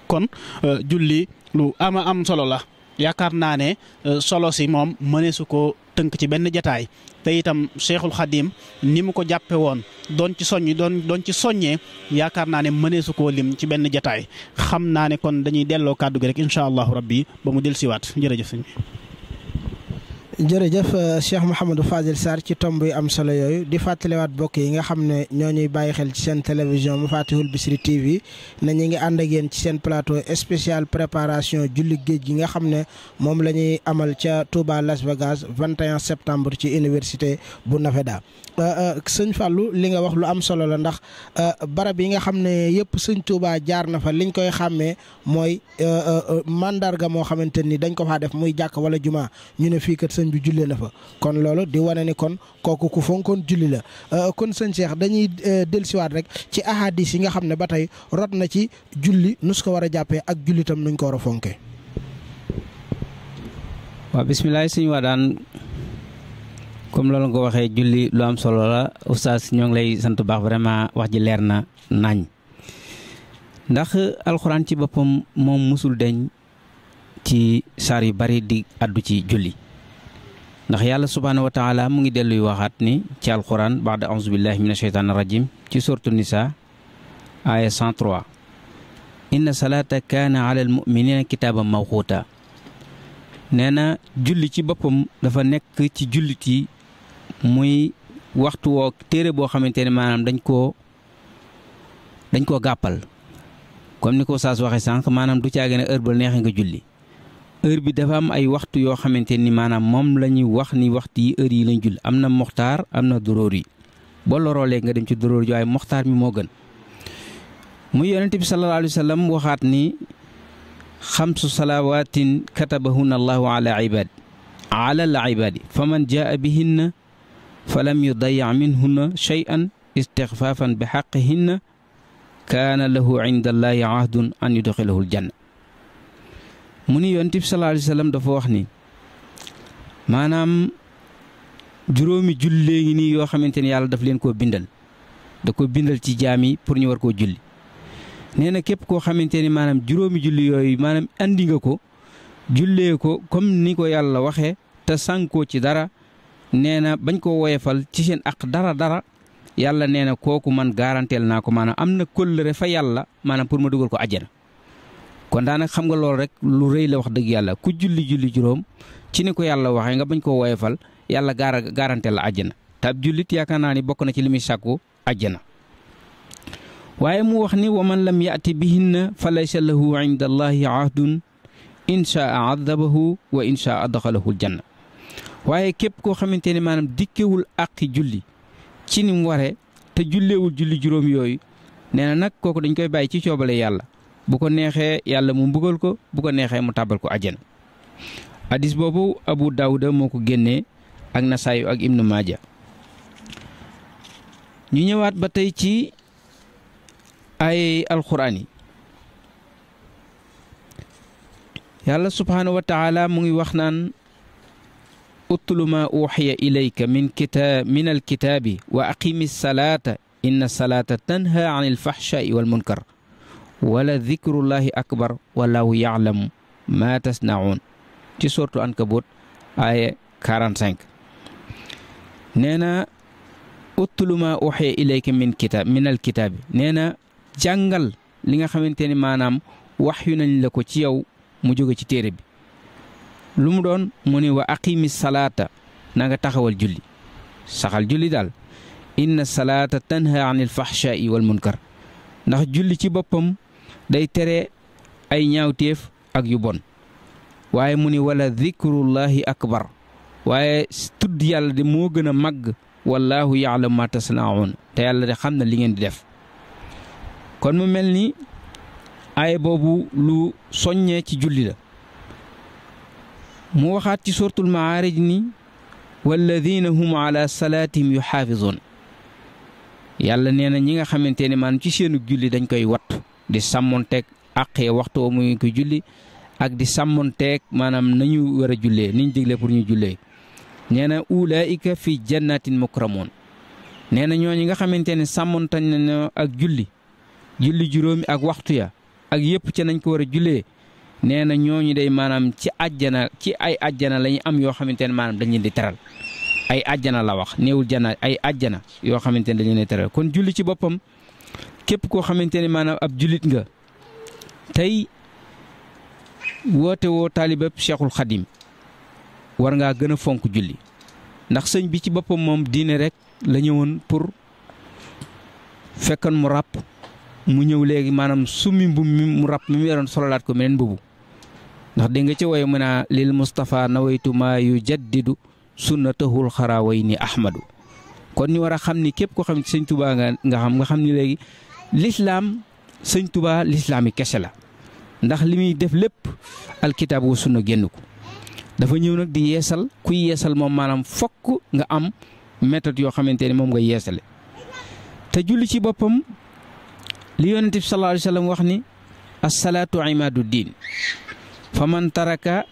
kon euh, julli lu ama am solo la yaakaar naa ne euh, solo si moom mëneesu ko tënk ci benn jataay te itam Cheikhul Khadim ni mu ko jàppe woon doon ci soññ doon doon ci soññee yaakaar naa ne mëneesu koo lim ci benn jataay xam naa ne kon dañuy delloo kàddu gi rek incha allahu rabbi ba mu dellusiwaat siwaat sëñ bi jërëjëf euh, Cheikh Mouhamadou Fadil Sarr ci tomb yu am solo yooyu di fàttaliwaat bokk yi nga xam ne ñoo ñuy bàyyi xel ci seen télévision Mafatihul Bichri TV na ñu ngi ànd ak ci seen plateau spécial préparation julli géej gi nga xam ne moom la ñuy amal ca Touba Las Vegas 21 septembre ci université bu Nevada. Euh, euh, sëñ Fallou li nga wax lu am solo la ndax barab yi nga xam ne yëpp sëñ Touba jaar na fa liñ koy xàmmee mooy mandarga moo xamante ni dañ ko faa def muy jàkk wala juma sëñ bi jullee na fa kon loolu di wane ni kon kooku ku fonkoon julli la euh, kon sëñ Cheikh dañuy euh, siwaat rek ci ahadis yi nga xam ne ba tey rot na ci julli nu su ko war a jàppee ak jullitam nuñ ko war a fonkee. waaw bisimilah sëñ Wadane comme loolu nga ko waxee julli lu am solo la oustaz ñoo ngi lay sant baax vraiment wax ji leer na nañ ndax alxuraan ci boppam moom mësul deñ ci saar yu bari di àddu ci julli ndax yàlla subhaanahu wa taala mu ngi delluy waxaat ni ci alquran baada auzu billahi min asheytaan rajim ci sortu nisa aya 103 inna salaata kaana ala almuminina kitaaban mawquuta nee na julli ci boppam dafa nekk ci jullit yi muy waxtu woo téere boo xamante ne maanaam dañ koo dañ koo gàppal comme ni ko saas waxe sànq maanaam du caage ne heure ba neexee nga julli heure bi dafa am ay waxtu yoo xamante ni maanaam moom la ñuy wax ni waxtu yi heure yi lañ jul am na moxtaar am na duróor yi boo loroolee nga dem ci duróor yi waaye moxtaar mi moo gën mu yonent bi sallallahu alayhi waxaat ni xamsu salawaatin katabahunna allahu ala ibad ala al ibadi fa man jaa bihinna fa lam yudayac minhunna cheyan istixfaafan bi xaqihinna kaana lahu inda allahi ahdun an yudxilahu aljanna mu ni yoon bi sallallahu alayhi wa dafa wax nii maanaam juróomi jullee ngi nii yoo xamante ni yàlla daf leen koo bindal da ko bindal ci jaam yi pour ñu war koo julli nee na képp koo xamante ni maanaam juróomi julli yooyu maanaam andi nga ko jullee ko comme ni ko yàlla waxee te sànkoo ci dara nee na bañ ko woyefal ci seen ak dara dara yàlla nee na kooku man garanteel naa ko maanaam am na kóllëre fa yàlla maanaam pour ma dugal ko àjjana kon daanaka xam nga loolu rek lu rëy la wax dëgg yàlla ku julli julli juróom ci ni ko yàlla waxee nga bañ koo woyefal yàlla gaara garante la àjjana te ab jullit yaakaar naa ni bokk na ci li muy sàkku àjjana waaye mu wax ni wa man lam yaati bihinna fa laysa lahu inda allahi ahdun inchaa adabahu wa inchaa adxalahu aljanna waaye képp koo xamante ne maanaam dikkewul àqi julli ci ni mu waree te julleewul julli juróom yooyu nee na nag kooku dañ koy bàyyi ci coobale yàlla bu ko neexee yàlla mu mbugal ko bu ko neexee mu tàbbal ko àjjana hadis boobu abu daawuda moo ko génnee ak nasaayu ak ibnu maaja ñu ñëwaat ba tey ci ay alxuraani yàlla subhaanahu wa taala mu ngi wax naan utlu ma uxiya ilayka min kita min alkitaabi wa aqimi salaata inna salaata tanha an alfaxshaai walmunkar wala dikrullahi akbar wallahu yaalamu ma tasnaun ci sortu ankabut aaye 45 nee na uttulu ma uxiya ilayka min kitaab min al bi nee na jàngal li nga xamante ni maanaam wax yu nañ la ko ci yow mu jóge ci téere bi lu mu doon mu ne wa aqimi salaata na nga taxawal julli saxal julli daal inna salaata tanha anil fahshaa'i wal munkar ndax julli ci boppam day tere ay ñaawteef ak yu bon waaye mu ni wala dikrullahi akbar waaye tudd yàlla de moo gën a màgg wallaahu ya'lamu ma tasna'un te yàlla de xam na li ngeen di def kon mu mel ni aaya boobu lu soññee ci julli la mu waxaat ci sortul maarij ni walladina hum ala salaatihim yuxaafizuun yàlla nee na ñi nga xamante ne maanaam ci seenu julli dañ koy wat di sàmmonteeg àqee waxtu wa muy ko julli ak di sàmmonteeg maanaam nañu war a jullee niñ digle pour ñu jullee nee na ulaayika fi jannatin mukramoon nee na ñooñu nga xamante ne sàmmontañ nañu ak julli julli juróomi ak waxtu ya ak yëpp ca nañ ko war a jullee nee na ñooñu day maanaam ci àjjana ci ay àjjana la am yoo xamante ne maanaam dañ di teral ay àjjana la wax néewul jana ay àjjana yoo xamante ne dañ di teral kon julli ci boppam. képp koo xamante ne maanaam ab julit nga tey woote woo taalibab Cheikhul Xadim war ngaa gën a fonk julli ndax sëñ bi ci boppam moom diine rek la ñëwoon pour fekkan mu ràpp mu ñëw léegi maanaam summi mbubb mi mu ràpp mi mu yoroon sololaat ko meneen mbubu ndax dégg nga ci woy mu naa lil Moustapha nawaytu maa yu jaddidu sunnatahul xaraaway ni Ahmadu kon ñu war a xam ni képp ko xam sëñ Tuubaa nga xam nga xam ni léegi. lislaam sëñ tubaa lislaami kese la ndax li muy def lépp alkitaab wa sunna génn ko dafa ñëw nag di yeesal kuy yeesal moom maanaam fokk nga am méthode yoo xamante ne moom nga yeesale te julli ci boppam li yonent bi sallallahu alayhi wa sallam wax ni assalaatu imaadu diin fa man taraka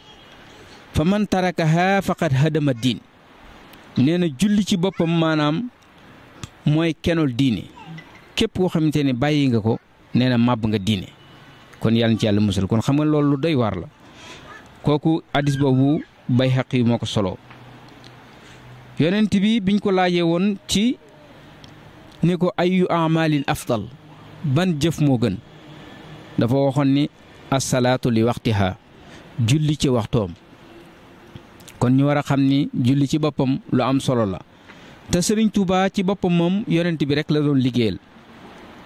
fa man tarakaha faqad hadama diin nee na julli ci boppam maanaam mooy kenol diini képp koo xamante ne bàyyi nga ko nee na màbb nga diine kon yàlla na ci yàlla kon xam nga loolu lu doy waar la kooku addis boobu bay xaq yi moo ko solo yonent bi biñ ko laajee woon ci ni ko ayu amalil afdal ban jëf moo gën dafa waxoon ni asalaatu li waxtiha julli ci waxtoom kon ñu war a xam ni julli ci boppam lu am solo la te Sëriñ Tuubaa ci boppam moom yonent bi rekk la doon liggéeyal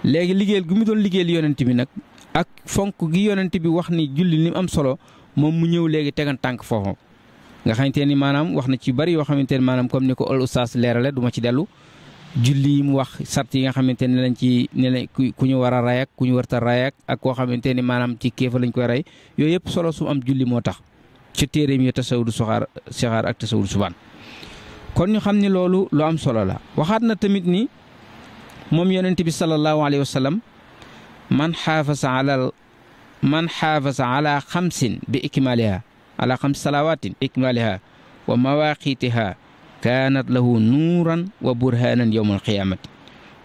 léegi liggéeyal gu mu doon liggéeyal yonent bi nag ak fonk gi yonent bi wax ni julli ni mu am solo moom mu ñëw léegi tegan tànk foofu. nga xamante ni maanaam wax na ci bari yoo xamante ni maanaam comme ni ko ol ustaas leerale du ma ci dellu julli yi mu wax sart yi nga xamante ne lañ ci ne lañ ku ñu war a ray ak ku ñu warta ray ak ak koo xamante ni maanaam ci kéefa lañ koy rey yooyu yëpp solo su am julli moo tax ci téere yi tasawudu soxaar sixaar ak tasawudu subaan kon xam ni loolu lu am solo la moom yonent bi sallallahu alayhi wa sallam man xaafasa ala man xaafasa ala xamsin bi ikmaaliha ala xamsi salawaatin ikmaaliha wa mawaaqiitiha kaanat lahu nuuran wa burhaanan yowmal qiyaamati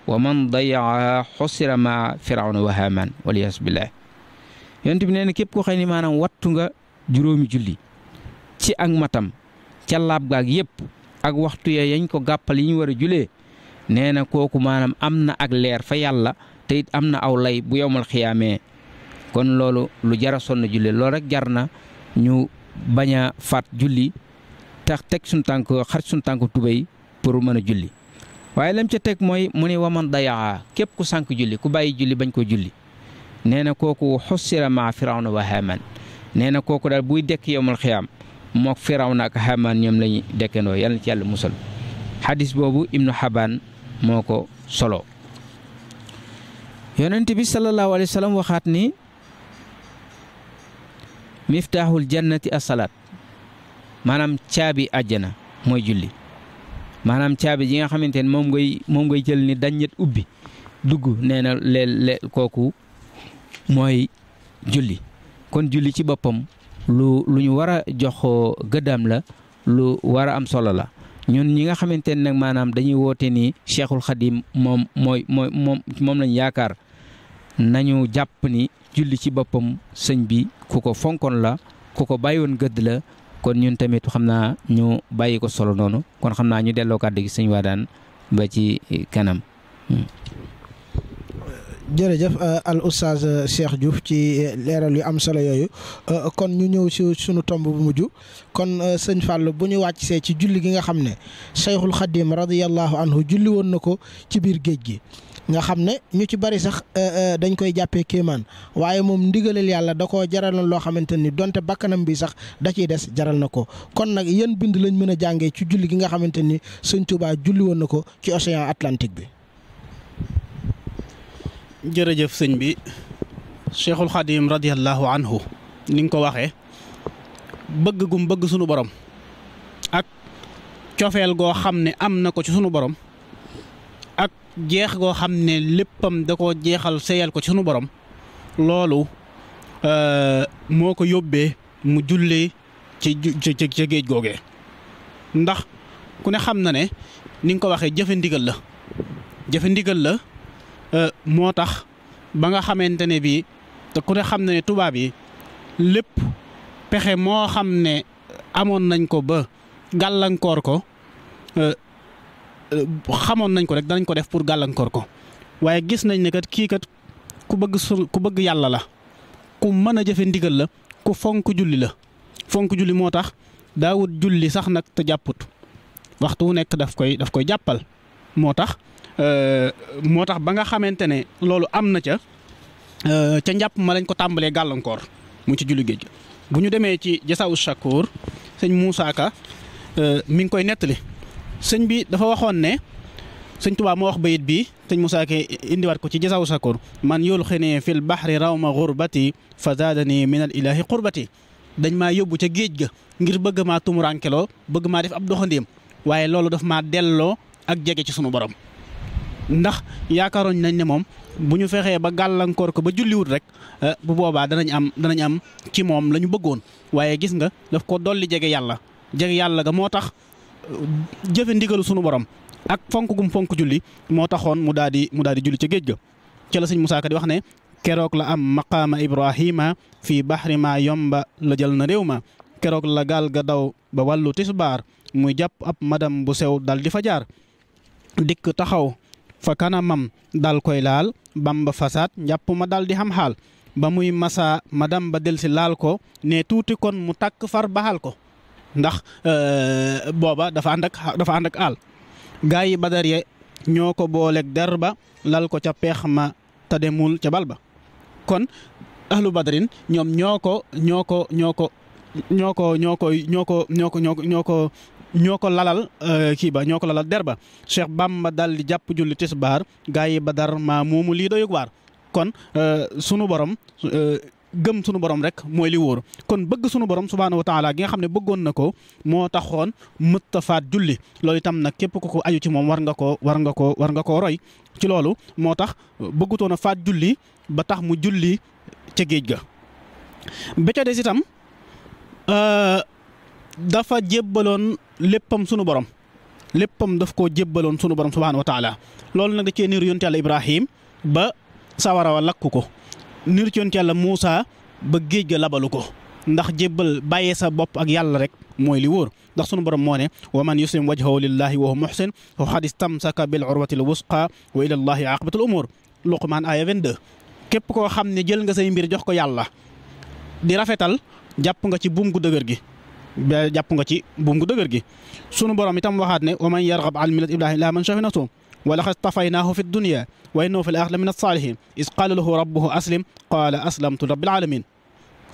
wa man dayaha xosira ma firawna wa haamaan waliyaasu billaah yonent bi nee na képp koo xam wattu nga juróomi julli ci ak matam ca laab gaag yépp ak waxtu ya yañ ko gàppal yi ñu war a julee nee na kooku maanaam am na ak leer fa yàlla te it am na aw lay bu yowmal xiyaamee kon loolu lu jar a sonn julli loolu rek jar na ñu bañ a faat julli tax teg suñ tànk xar suñ tànk tubéy pour mën a julli waaye lam ca teg mooy mu ne man dayaa képp ku sànk julli ku bàyyi julli bañ ko julli nee na kooku xussira maa firawna wa haman nee na kooku daal buy dekk yowmal xiyaam mook na ak haman ñoom lañu dekkandoo yàlla na ci yàlla musal moo ko solo yonent bi sallallahu alayhi wa waxaat ni miftaaxul jannati asalaat maanaam caabi àjjana mooy julli maanaam caabi ji nga xamante ni moom ngay moom ngay jël ni dañet ubbi dugg nee na leel kooku mooy julli kon julli ci boppam lu lu ñu war a jox gëddaam la lu war a am solo la ñun ñi nga xamante ne nag maanaam dañuy woote ni Cheikhul Khadim moom mooy mooy moom moom lañ yaakaar nañu jàpp ni julli ci boppam sëñ bi ku ko fonkoon la ku ko bàyyi woon gëdd la kon ñun tamit xam naa ñu bàyyi ko solo noonu kon xam naa ñu delloo kàddu gi sëñ waa daan ba ci kanam. Hmm. jërëjëf euh, al oustaz euh, Cheikh Diouf ci euh, leeral yu am solo yooyu kon ñu ñëw si sunu tomb bu mujj kon sëñ Fall bu ñu wàcc see ci julli gi nga xam ne Cheikhul Khadim radiyallahu anhu julli woon na ko ci biir géej gi nga xam ne ñu ci bari sax dañ koy jàppee kéemaan waaye moom ndigalal yàlla da koo jaraloon loo xamante ni donte bàkkanam bi sax da ciy des jaral na ko kon nag yan bind lañ mën a jàngee ci julli gi nga xamante ni sëñ Touba julli woon na ko ci océan Atlantique bi. jërëjëf sëñ bi Cheikhul Khadim radiyallahu anhu ni ko waxe bëgg gum bëgg sunu borom ak cofeel goo xam ne am na ko ci sunu borom ak jeex goo xam ne léppam da koo jeexal seyal ko ci sunu borom loolu euh, moo ko yóbbee mu jullee ci ci géej googe ndax ku ne xam na ne ni ko waxee jëfe ndigal la jëfe ndigal la. Euh, moo tax ba nga xamante ne bii te ku ne xam ne tubaab yi lépp pexe moo xam ne amoon nañ ko ba gàllankoor ko euh, euh, xamoon nañ ko rek danañ ko def pour gàllankoor ko waaye gis nañ ne kat kii kat ku bëgg su ku bëgg yàlla la ku mën a jëfe ndigal la ku fonk julli la fonk julli moo tax daawut julli sax nag te jàpput waxtu wu nekk daf koy daf koy jàppal moo tax Euh, moo tax ba nga xamante ne loolu am na ca euh, ca njàpp ma lañ ko tàmbalee gàllankoor mu ci julli géej bu ñu demee ci Jasaawu Shakoor sëñ Moussa Ka euh, mi ngi koy nettali sëñ bi dafa waxoon ne sëñ Tuubaa moo wax bayit bi sëñ Moussa Ka indiwaat ko ci Jasaawu Shakoor man yulxini fil bahri rawma gurbati fa zaadani min al ilaahi qurbati dañ maa yóbbu ca géej ga ngir bëgg maa tumuraankeloo bëgg maa def ab doxandéem waaye loolu dafa maa delloo ak jege ci sunu borom ndax yaakaaroon nañ ne moom bu ñu fexee ba gàllankoor ko ba julliwut rek eh, bu boobaa danañ am danañ am ci moom lañu bëggoon waaye gis nga daf ko dolli jege yàlla jege yàlla ga moo tax eh, jëfe ndigalu sunu borom ak fonk gum fonk julli moo taxoon mu daal di mu daal di julli ca géej ga ca la sëñ musaaka di wax ne keroog la am maqaama Ibrahima fii baxri ma yomba la jël na réew ma keroog la gaal ga daw ba wàllu tisbaar muy jàpp ab madam bu sew dal di fa jaar dikk taxaw fa kanamam dal koy laal bamba fasaat njàpp ma dal di xam xaal ba muy masa madam ba delsi laal ko ne tuuti kon mu takk far baxal ko ndax euh, booba dafa ànd ak dafa ànd gaa yi badar ye ñoo ko booleeg der ba lal ko ca peex ma te demul ca bal ba kon ahlu badrin ñoom ko ñoo ko ñoo ko ñoo ko ñoo ko ñoo ko ñoo ko ñoo ko ñoo ko lalal euh, kii ba ñoo ko lalal der ba baam Bamba daal di jàpp julli tisbaar gaa yi ba dar maa moomu lii doyug waar kon euh, sunu borom euh, gëm sunu borom rek mooy li wóor kon bëgg sunu borom subhaanahu wa taala gi nga xam ne bëggoon na ko moo taxoon faat julli loolu itam nag képp ku ko aju ci moom war nga koo war nga koo war nga koo roy ci loolu moo tax bëggutoon a faat julli ba tax mu julli ca géej ga. dafa jébbaloon léppam sunu borom léppam daf koo jébbaloon sunu borom subhaanahu wa taala loolu nag da cee niir yonent yàlla Ibrahim ba sawara wa lakk ko niir ci yonent yàlla Muusa ba géej ga labalu ko ndax jébbal bàyyee sa bopp ak yàlla rek mooy li wóor ndax sunu borom moo ne wa man yuslim wajhahu lillahi wa huwa muhsin faqad istamsaka bil urwatil wusqa wa ila llahi aqibatul umur Luqmaan aaya 22 képp koo xam ne jël nga say mbir jox ko yàlla rafetal jàpp nga ci buum gu gi ba jàpp nga ci buum gu dëgër gi sunu borom itam waxaat ne wa man yargab an millati ibrahima illaa man safi nafsuhu wa laqad tafaynaahu fi dunya wa innahu fi l la min as is qaala lahu rabbuhu aslim qaala aslamtu rabbil alamin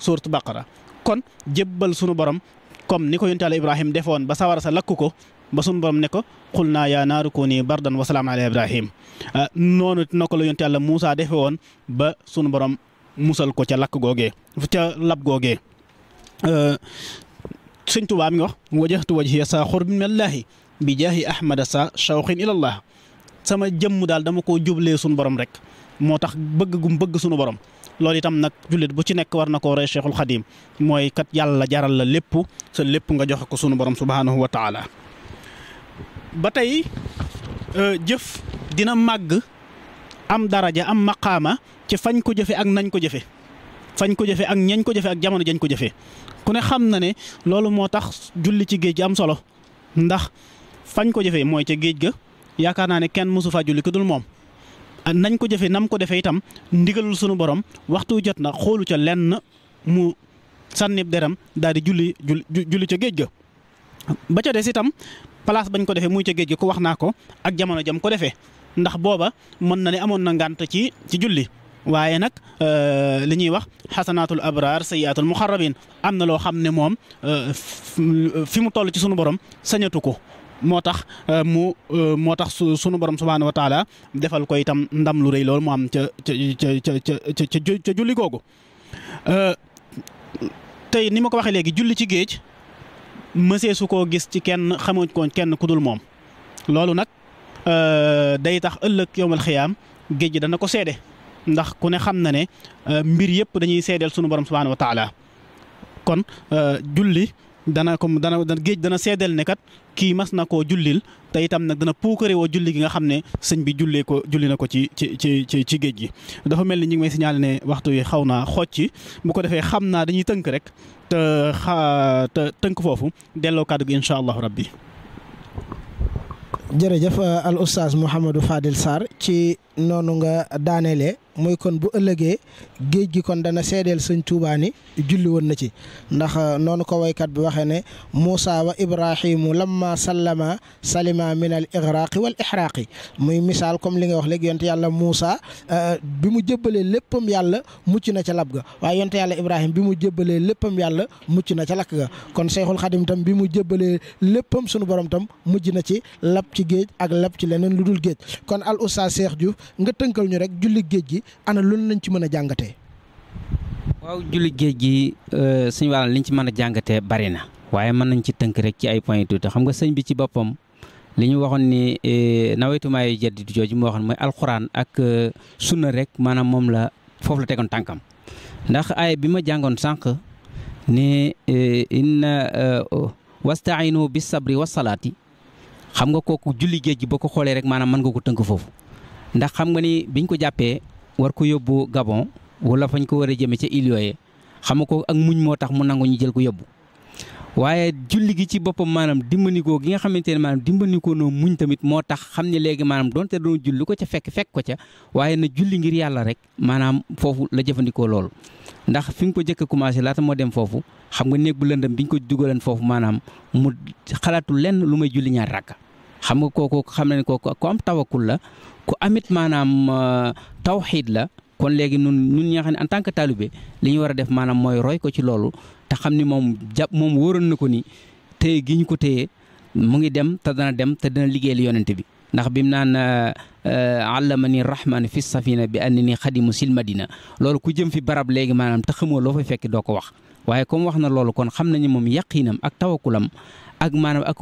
suuratu baqara kon jébbal sunu borom comme ni ko yonent Yàlla ibrahim defoon ba sawara sa lakk ko ba sunu borom ne ko xul naa yaa naaru kuuni bardan wa salaaman ala ah, noonu na ko la Muusa defe woon ba sunu borom musal ko ca lakk googee ca lab googee ah, sëñ Tuubaa mi wax wajahtu wajhiya saa xurbin millaahi bi jaahi ahmada sa shawqin ilallah sama jëmm daal dama koo jublee suñu borom rek moo tax bëgg gum bëgg suñu borom loolu itam nag jullit bu ci nekk war na koo rey Cheikhul Xadim mooy kat yàlla jaral la lépp sa lépp nga joxe ko sunu borom subhaanahu wa taala ba tey euh, jëf dina màgg am daraja am maqaama ci fañ ko jëfe ak nañ ko jëfe fañ ko jëfe ak ñañ ko jëfe ak jamono jañ ko jëfe ku ne xam na ne loolu moo tax julli ci géej gi am solo ndax fañ ko jëfee mooy ca géej ga yaakaar naa ne kenn mësu faa julli ku dul moom nañ ko jëfee nam ko defee itam ndigalul sunu borom waxtu jot na xoolu ca lenn mu sànnib deram daal di julli julli ca géej ga ba ca des itam place bañ ko defee muy ca géej ga ko wax naa ko ak jamono jam ko defee ndax booba mën na ne amoon na ngànt ci ci julli waaye nag euh, li ñuy wax xasanaatul abraar sayaatul muxarrabin am na loo xam ne moom euh, fi mu toll ci sunu borom sañatu ko moo tax euh, mu moo tax su sunu borom subhaanahu wa defal ko itam ndam lu rey loolu mu am ca ca ca ca ca julli googu. tey ni ma ko waxee léegi julli ci géej mësee su koo gis ci kenn xamuñ ko kenn ku dul moom loolu nag day tax ëllëg yowmal xiyaam géej gi dana ko seede. ndax ku ne xam na ne euh, mbir yëpp dañuy seedeel sunu borom subhaanahu wa taala kon euh, julli dana comme dana géej dana seedeel ne kat kii mas na koo jullil te itam nag dana puukare julli gi nga xam ne sëñ bi jullee ko julli na ko ci ci ci ci géej gi. dafa mel ni ñu ngi may signalé ne waxtu yi xaw naa xooj ci bu ko defee xam naa dañuy tënk rek te tënk foofu delloo kàddu gi incha allahu rabbi. jërëjëf euh, al oustaz Mouhamadou Fadil Sarr ci noonu nga daanelee muy kon bu ëllëgee géej gi kon dana seedeel sëñ Tuubaa ni julli woon na ci ndax uh, noonu ko woykat bi waxee ne Muusa wa Ibrahimu lamma sallama salima min al igraqi wal ihraaqi muy misaal comme li nga wax léegi yonte yàlla Muusa uh, bi mu jëbbalee léppam yàlla mucc na ca lab ga waaye yonte yàlla Ibrahim bi mu jëbbalee léppam yàlla mucc na ca lakk ga kon Seexul Xadim tam bi mu jëbbalee léppam sunu borom tam mujj na ci lab ci géej ak lab ci leneen lu dul géej kon al Oustaz Cheikh Diouf nga tënkal ñu rek julli géej gi gi ana loolu lañ ci mën a jàngatee. waaw julli géej gi euh, sëñ wàll liñ ci mën a jàngatee bari na waaye mën nañ ci tënk rek ci ay point tuuti xam nga sëñ bi ci boppam li ñu waxoon ni euh, nawetumaayu jaddi du jooju mu waxoon mooy alxuraan ak euh, sunna rek maanaam moom la foofu la tegoon tànkam ndax ay bi ma jàngoon sànq ne inna wastainu bis sabri was salaati xam nga kooku julli géej gi boo ko xoolee rek maanaam mën nga ko tënk foofu ndax xam nga ni biñ ko jàppee war ko yóbbu Gabon wala fañ ko war a jëme ca île yooye xam ko ak muñ moo tax mu nangu ñu jël ko yóbbu waaye julli gi ci boppam maanaam dimbanikoo gi nga xamante ne maanaam dimbanikoo noo muñ tamit moo tax xam ne léegi maanaam donte doon julli ko ca fekk fekk ko ca waaye na julli ngir yàlla rek maanaam foofu la jëfandikoo loolu ndax fi nga ko jëkk a commencé laata moo dem foofu xam nga néeg bu lëndëm bi ñu ko dugaleen foofu maanaam mu xalaatul lenn lu may julli ñaar rakka xam nga kooku xam na ne kooku ku am tawakul la ku amit maanaam euh, tawxiid la kon léegi nun ñun ñi nga ne en tant que talibé li ñu war a def maanaam mooy roy ko ci loolu te xam ni moom jàpp moom wóoroon na ko ni téye gi ñu ko téye mu ngi dem te dana dem te dana liggéeyal yonent bi ndax bi mu naan euh, euh, allamani rahman fi safina bi annani xadimu sil madina loolu ku jëm fi barab léegi maanaam te xamoo loo fa fekk doo ko wax waaye comme wax na loolu kon xam nañu moom yaqiinam ak tawakulam ak maanaam ak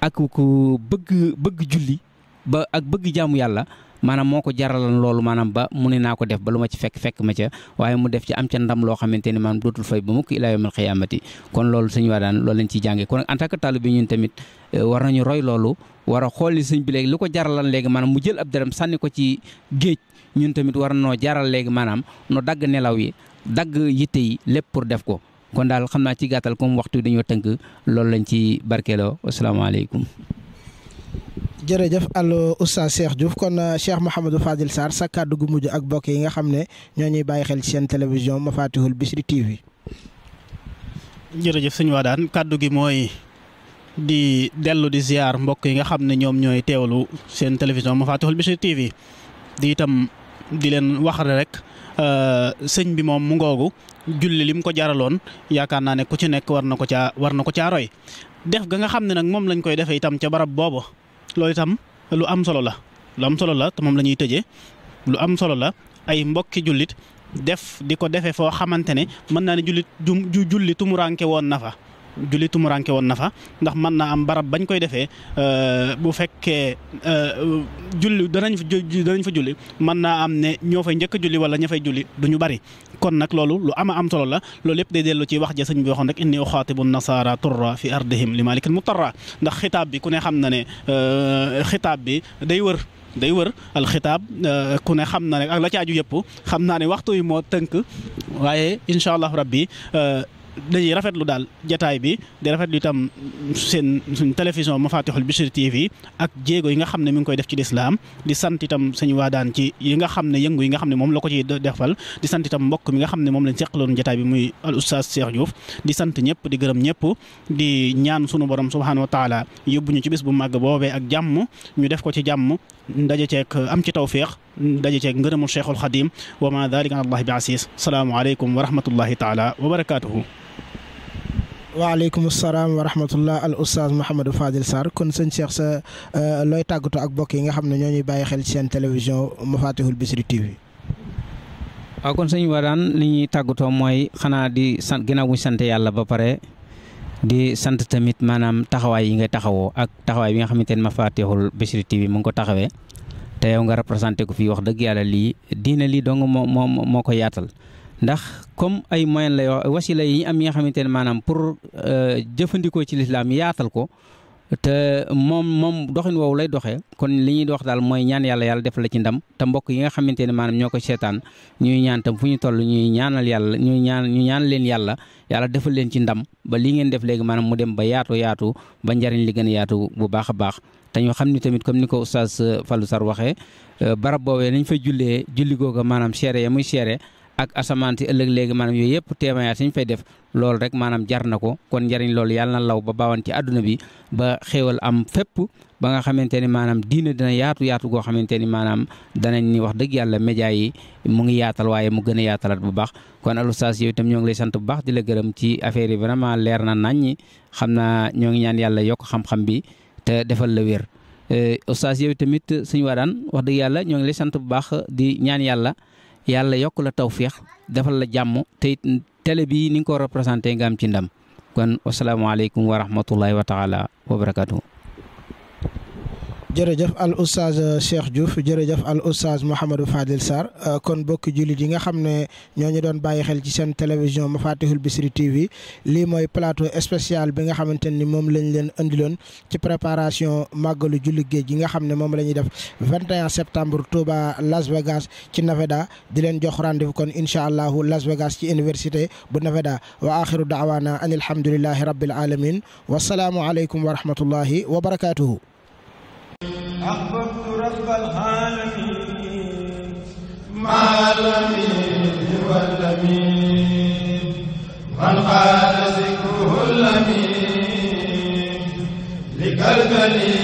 ak ku bëgg bëgg julli ba ak bëgg jaamu yàlla maanaam moo ko jaralan loolu maanaam ba mu ne naa ko def ba lu ma ci fekk fekk ma ca waaye mu def ci am ca ndam loo xamante ni maanaam dootul fay ba mukk ilaa yawmal xiyaamati kon loolu sëñ waa daan loolu lañ ciy jàngee kon en tant que taalibe bi ñun tamit eh, war nañu roy loolu war a xool li sëñ bi léegi lu ko jaralan léegi manaam mu jël ab dërëm sànni ko ci géej ñun tamit war noo jaral léegi maanaam no dagg nelaw yi dagg yitte yi lépp pour def ko kon daal xam naa ci gàttal comme waxtu dañoo tënk loolu lañ ci barkeeloo asalaamaaleykum. jërëjëf allo oustaz Cheikh Diouf kon euh, Cheikh Mouhamadou Fadil Sarr sa kàddu gu mujj ak mbokk yi nga xam ne ñoo ñuy bàyyi xel ci seen télévision Mafatihul Bichri TV. jërëjëf suñu waadaan kàddu gi mooy di dellu di ziar mbokk yi nga xam ne ñoom ñooy teewlu seen télévision Mafatihul Bichri TV di itam di leen wax rek. Euh, sëñ bi moom mu ngoogu julli lim ko jaraloon yaakaar naa ne ku ci nekk war na ko caa war na ko caa roy def ga nga xam ne nag moom lañ koy defee itam ca barab boobu loolu itam lu am solo la lu am solo la te moom la ñuy lu am solo la ay mbokki jullit def di ko defee foo xamante ne mën naa ne jullit ju julli tumuranke woon na fa. julli tumuranke woon na fa ndax man naa am barab bañ koy defee euh, bu fekkee euh, julli danañ fa danañ fa julli mën naa am ne ñoo fay njëkk julli wala ña fay julli du ñu bari kon nag loolu lu ama am solo la loolu yëpp day dellu ci wax ja sëñ bi waxoon rek inni uxaatibu nasaara turra fi ardihim li malikil mutarra ndax xitaab bi ku ne xam na ne euh, xitaab bi day wër day wër alxitaab ku ne xam na ne ak la caaju yëpp xam naa ne waxtu yi moo tënk waaye incha allah rabbi dañuy rafetlu daal jataay bi di rafetlu itam seen suñ télévision Mafatihul Bichri TV ak jéego yi nga xam ne mi ngi koy def ci lislaam di sant itam suñu waadaan ci yi nga xam ne yëngu yi nga xam ne moom la ko ci defal di sant itam mbokk mi nga xam ne moom lañ seqaloon jataay bi muy al oustaz Cheikh Diouf di sant ñëpp di gërëm ñëpp di ñaan sunu borom subhaanahu wa taala yóbbu ñu ci bis bu màgg boobee ak jàmm ñu def ko ci jàmm ndaje ceek am ci tawfiq ndaje ceek ngërëmul Cheikhul Xadim wa ma dalika ala allahi bi asis salaamu aleykum wa rahmatullahi taala wa barakaatuhu waaleykum salaam wa rahmatullah al oustaz Mouhamadou Fadil Sarr kon sëñ Cheikh sa euh, looy tàggatoo ak bokk yi nga xam ne ñoo ñuy bàyyi xel ci seen télévision Mafatihul Bichri TV. waaw kon sëñ Wadane li ñuy tàggatoo mooy xanaa di sant ginnaaw bu sant yàlla ba pare di sant tamit maanaam taxawaay yi nga taxawoo ak taxawaay bi nga xamante ne Mafatihul Bichri TV mu ngi ko taxawee. te yow nga représenté ko fii wax dëgg yàlla lii diine lii dong moo moo moo ko yaatal. ndax comme ay moyen la yoo wasila yi am yi nga xamante ne maanaam pour euh, jëfandikoo ci lislaam yaatal ko te moom moom doxin woowu lay doxee kon li ñuy wax daal mooy ñaan yàlla yàlla def la ci ndam te mbokk yi nga xamante ne maanaam ñoo ko seetaan ñuy ñaan tam fu ñu toll ñuy ñaanal yàlla ñuy ñaan ñu ñaan leen yàlla yàlla defal leen ci ndam ba li ngeen def léegi maanaam mu dem ba yaato yaatu ba njariñ li gën yaatu bu baax a baax te ñu xam ni tamit comme ni ko oustaz Fallou Sarr waxee euh, barab boobee nañ fa jullee julli maanaam seere ya ak asamaan si ëllëg léegi maanaam yooyu yëpp témoignage ñu fay def loolu rek maanaam jar na ko kon njariñ loolu yàlla na law ba bawan ci àdduna bi ba xéewal am fépp ba nga xamante ni maanaam diine dina yaatu yaatu goo xamante ni maanaam danañ ni wax dëgg yàlla média yi mu ngi yaatal waaye mu gën a yaatalaat bu baax kon alustaas yow itam ñoo ngi lay sant bu baax di la gërëm ci affaire yi vraiment leer na naññi xam naa ñoo ngi ñaan yàlla yokk xam-xam bi te defal la wér euh, ustaas yow tamit suñu waadaan wax dëgg yàlla ñoo ngi lay sant bu yàlla yokk la tawféex defal la jàmm te télé bii ni nga ko représenté nga am ci ndam kon asalaamaaleykum wa rahmatullahi wa taala wa barakaatu. jërëjëf al oustaz euh, Cheikh Diouf jërëjëf al oustaz Mouhamadou Fadil Sarr euh, kon bokki jullit yi nga xam ne ñoo ñu doon bàyyi xel ci seen télévision Mafatihul Bichri TV lii mooy plateau spécial bi nga xamante ni moom lañ leen indiloon ci préparation màggalu julli géej gi nga xam ne moom la ñuy def 21 septembre Touba Las Vegas ci Nevada di leen jox rendez-vous kon incha allahu Las Vegas ci université bu Nevada wa axiru daawaana an alhamdulillahi rabbil alamin wasalaamu aleykum wa rahmatullahi wa barakatuhu أحببت رب العالمين مع الأمين والأمين من قال ذكره الأمين لكربلي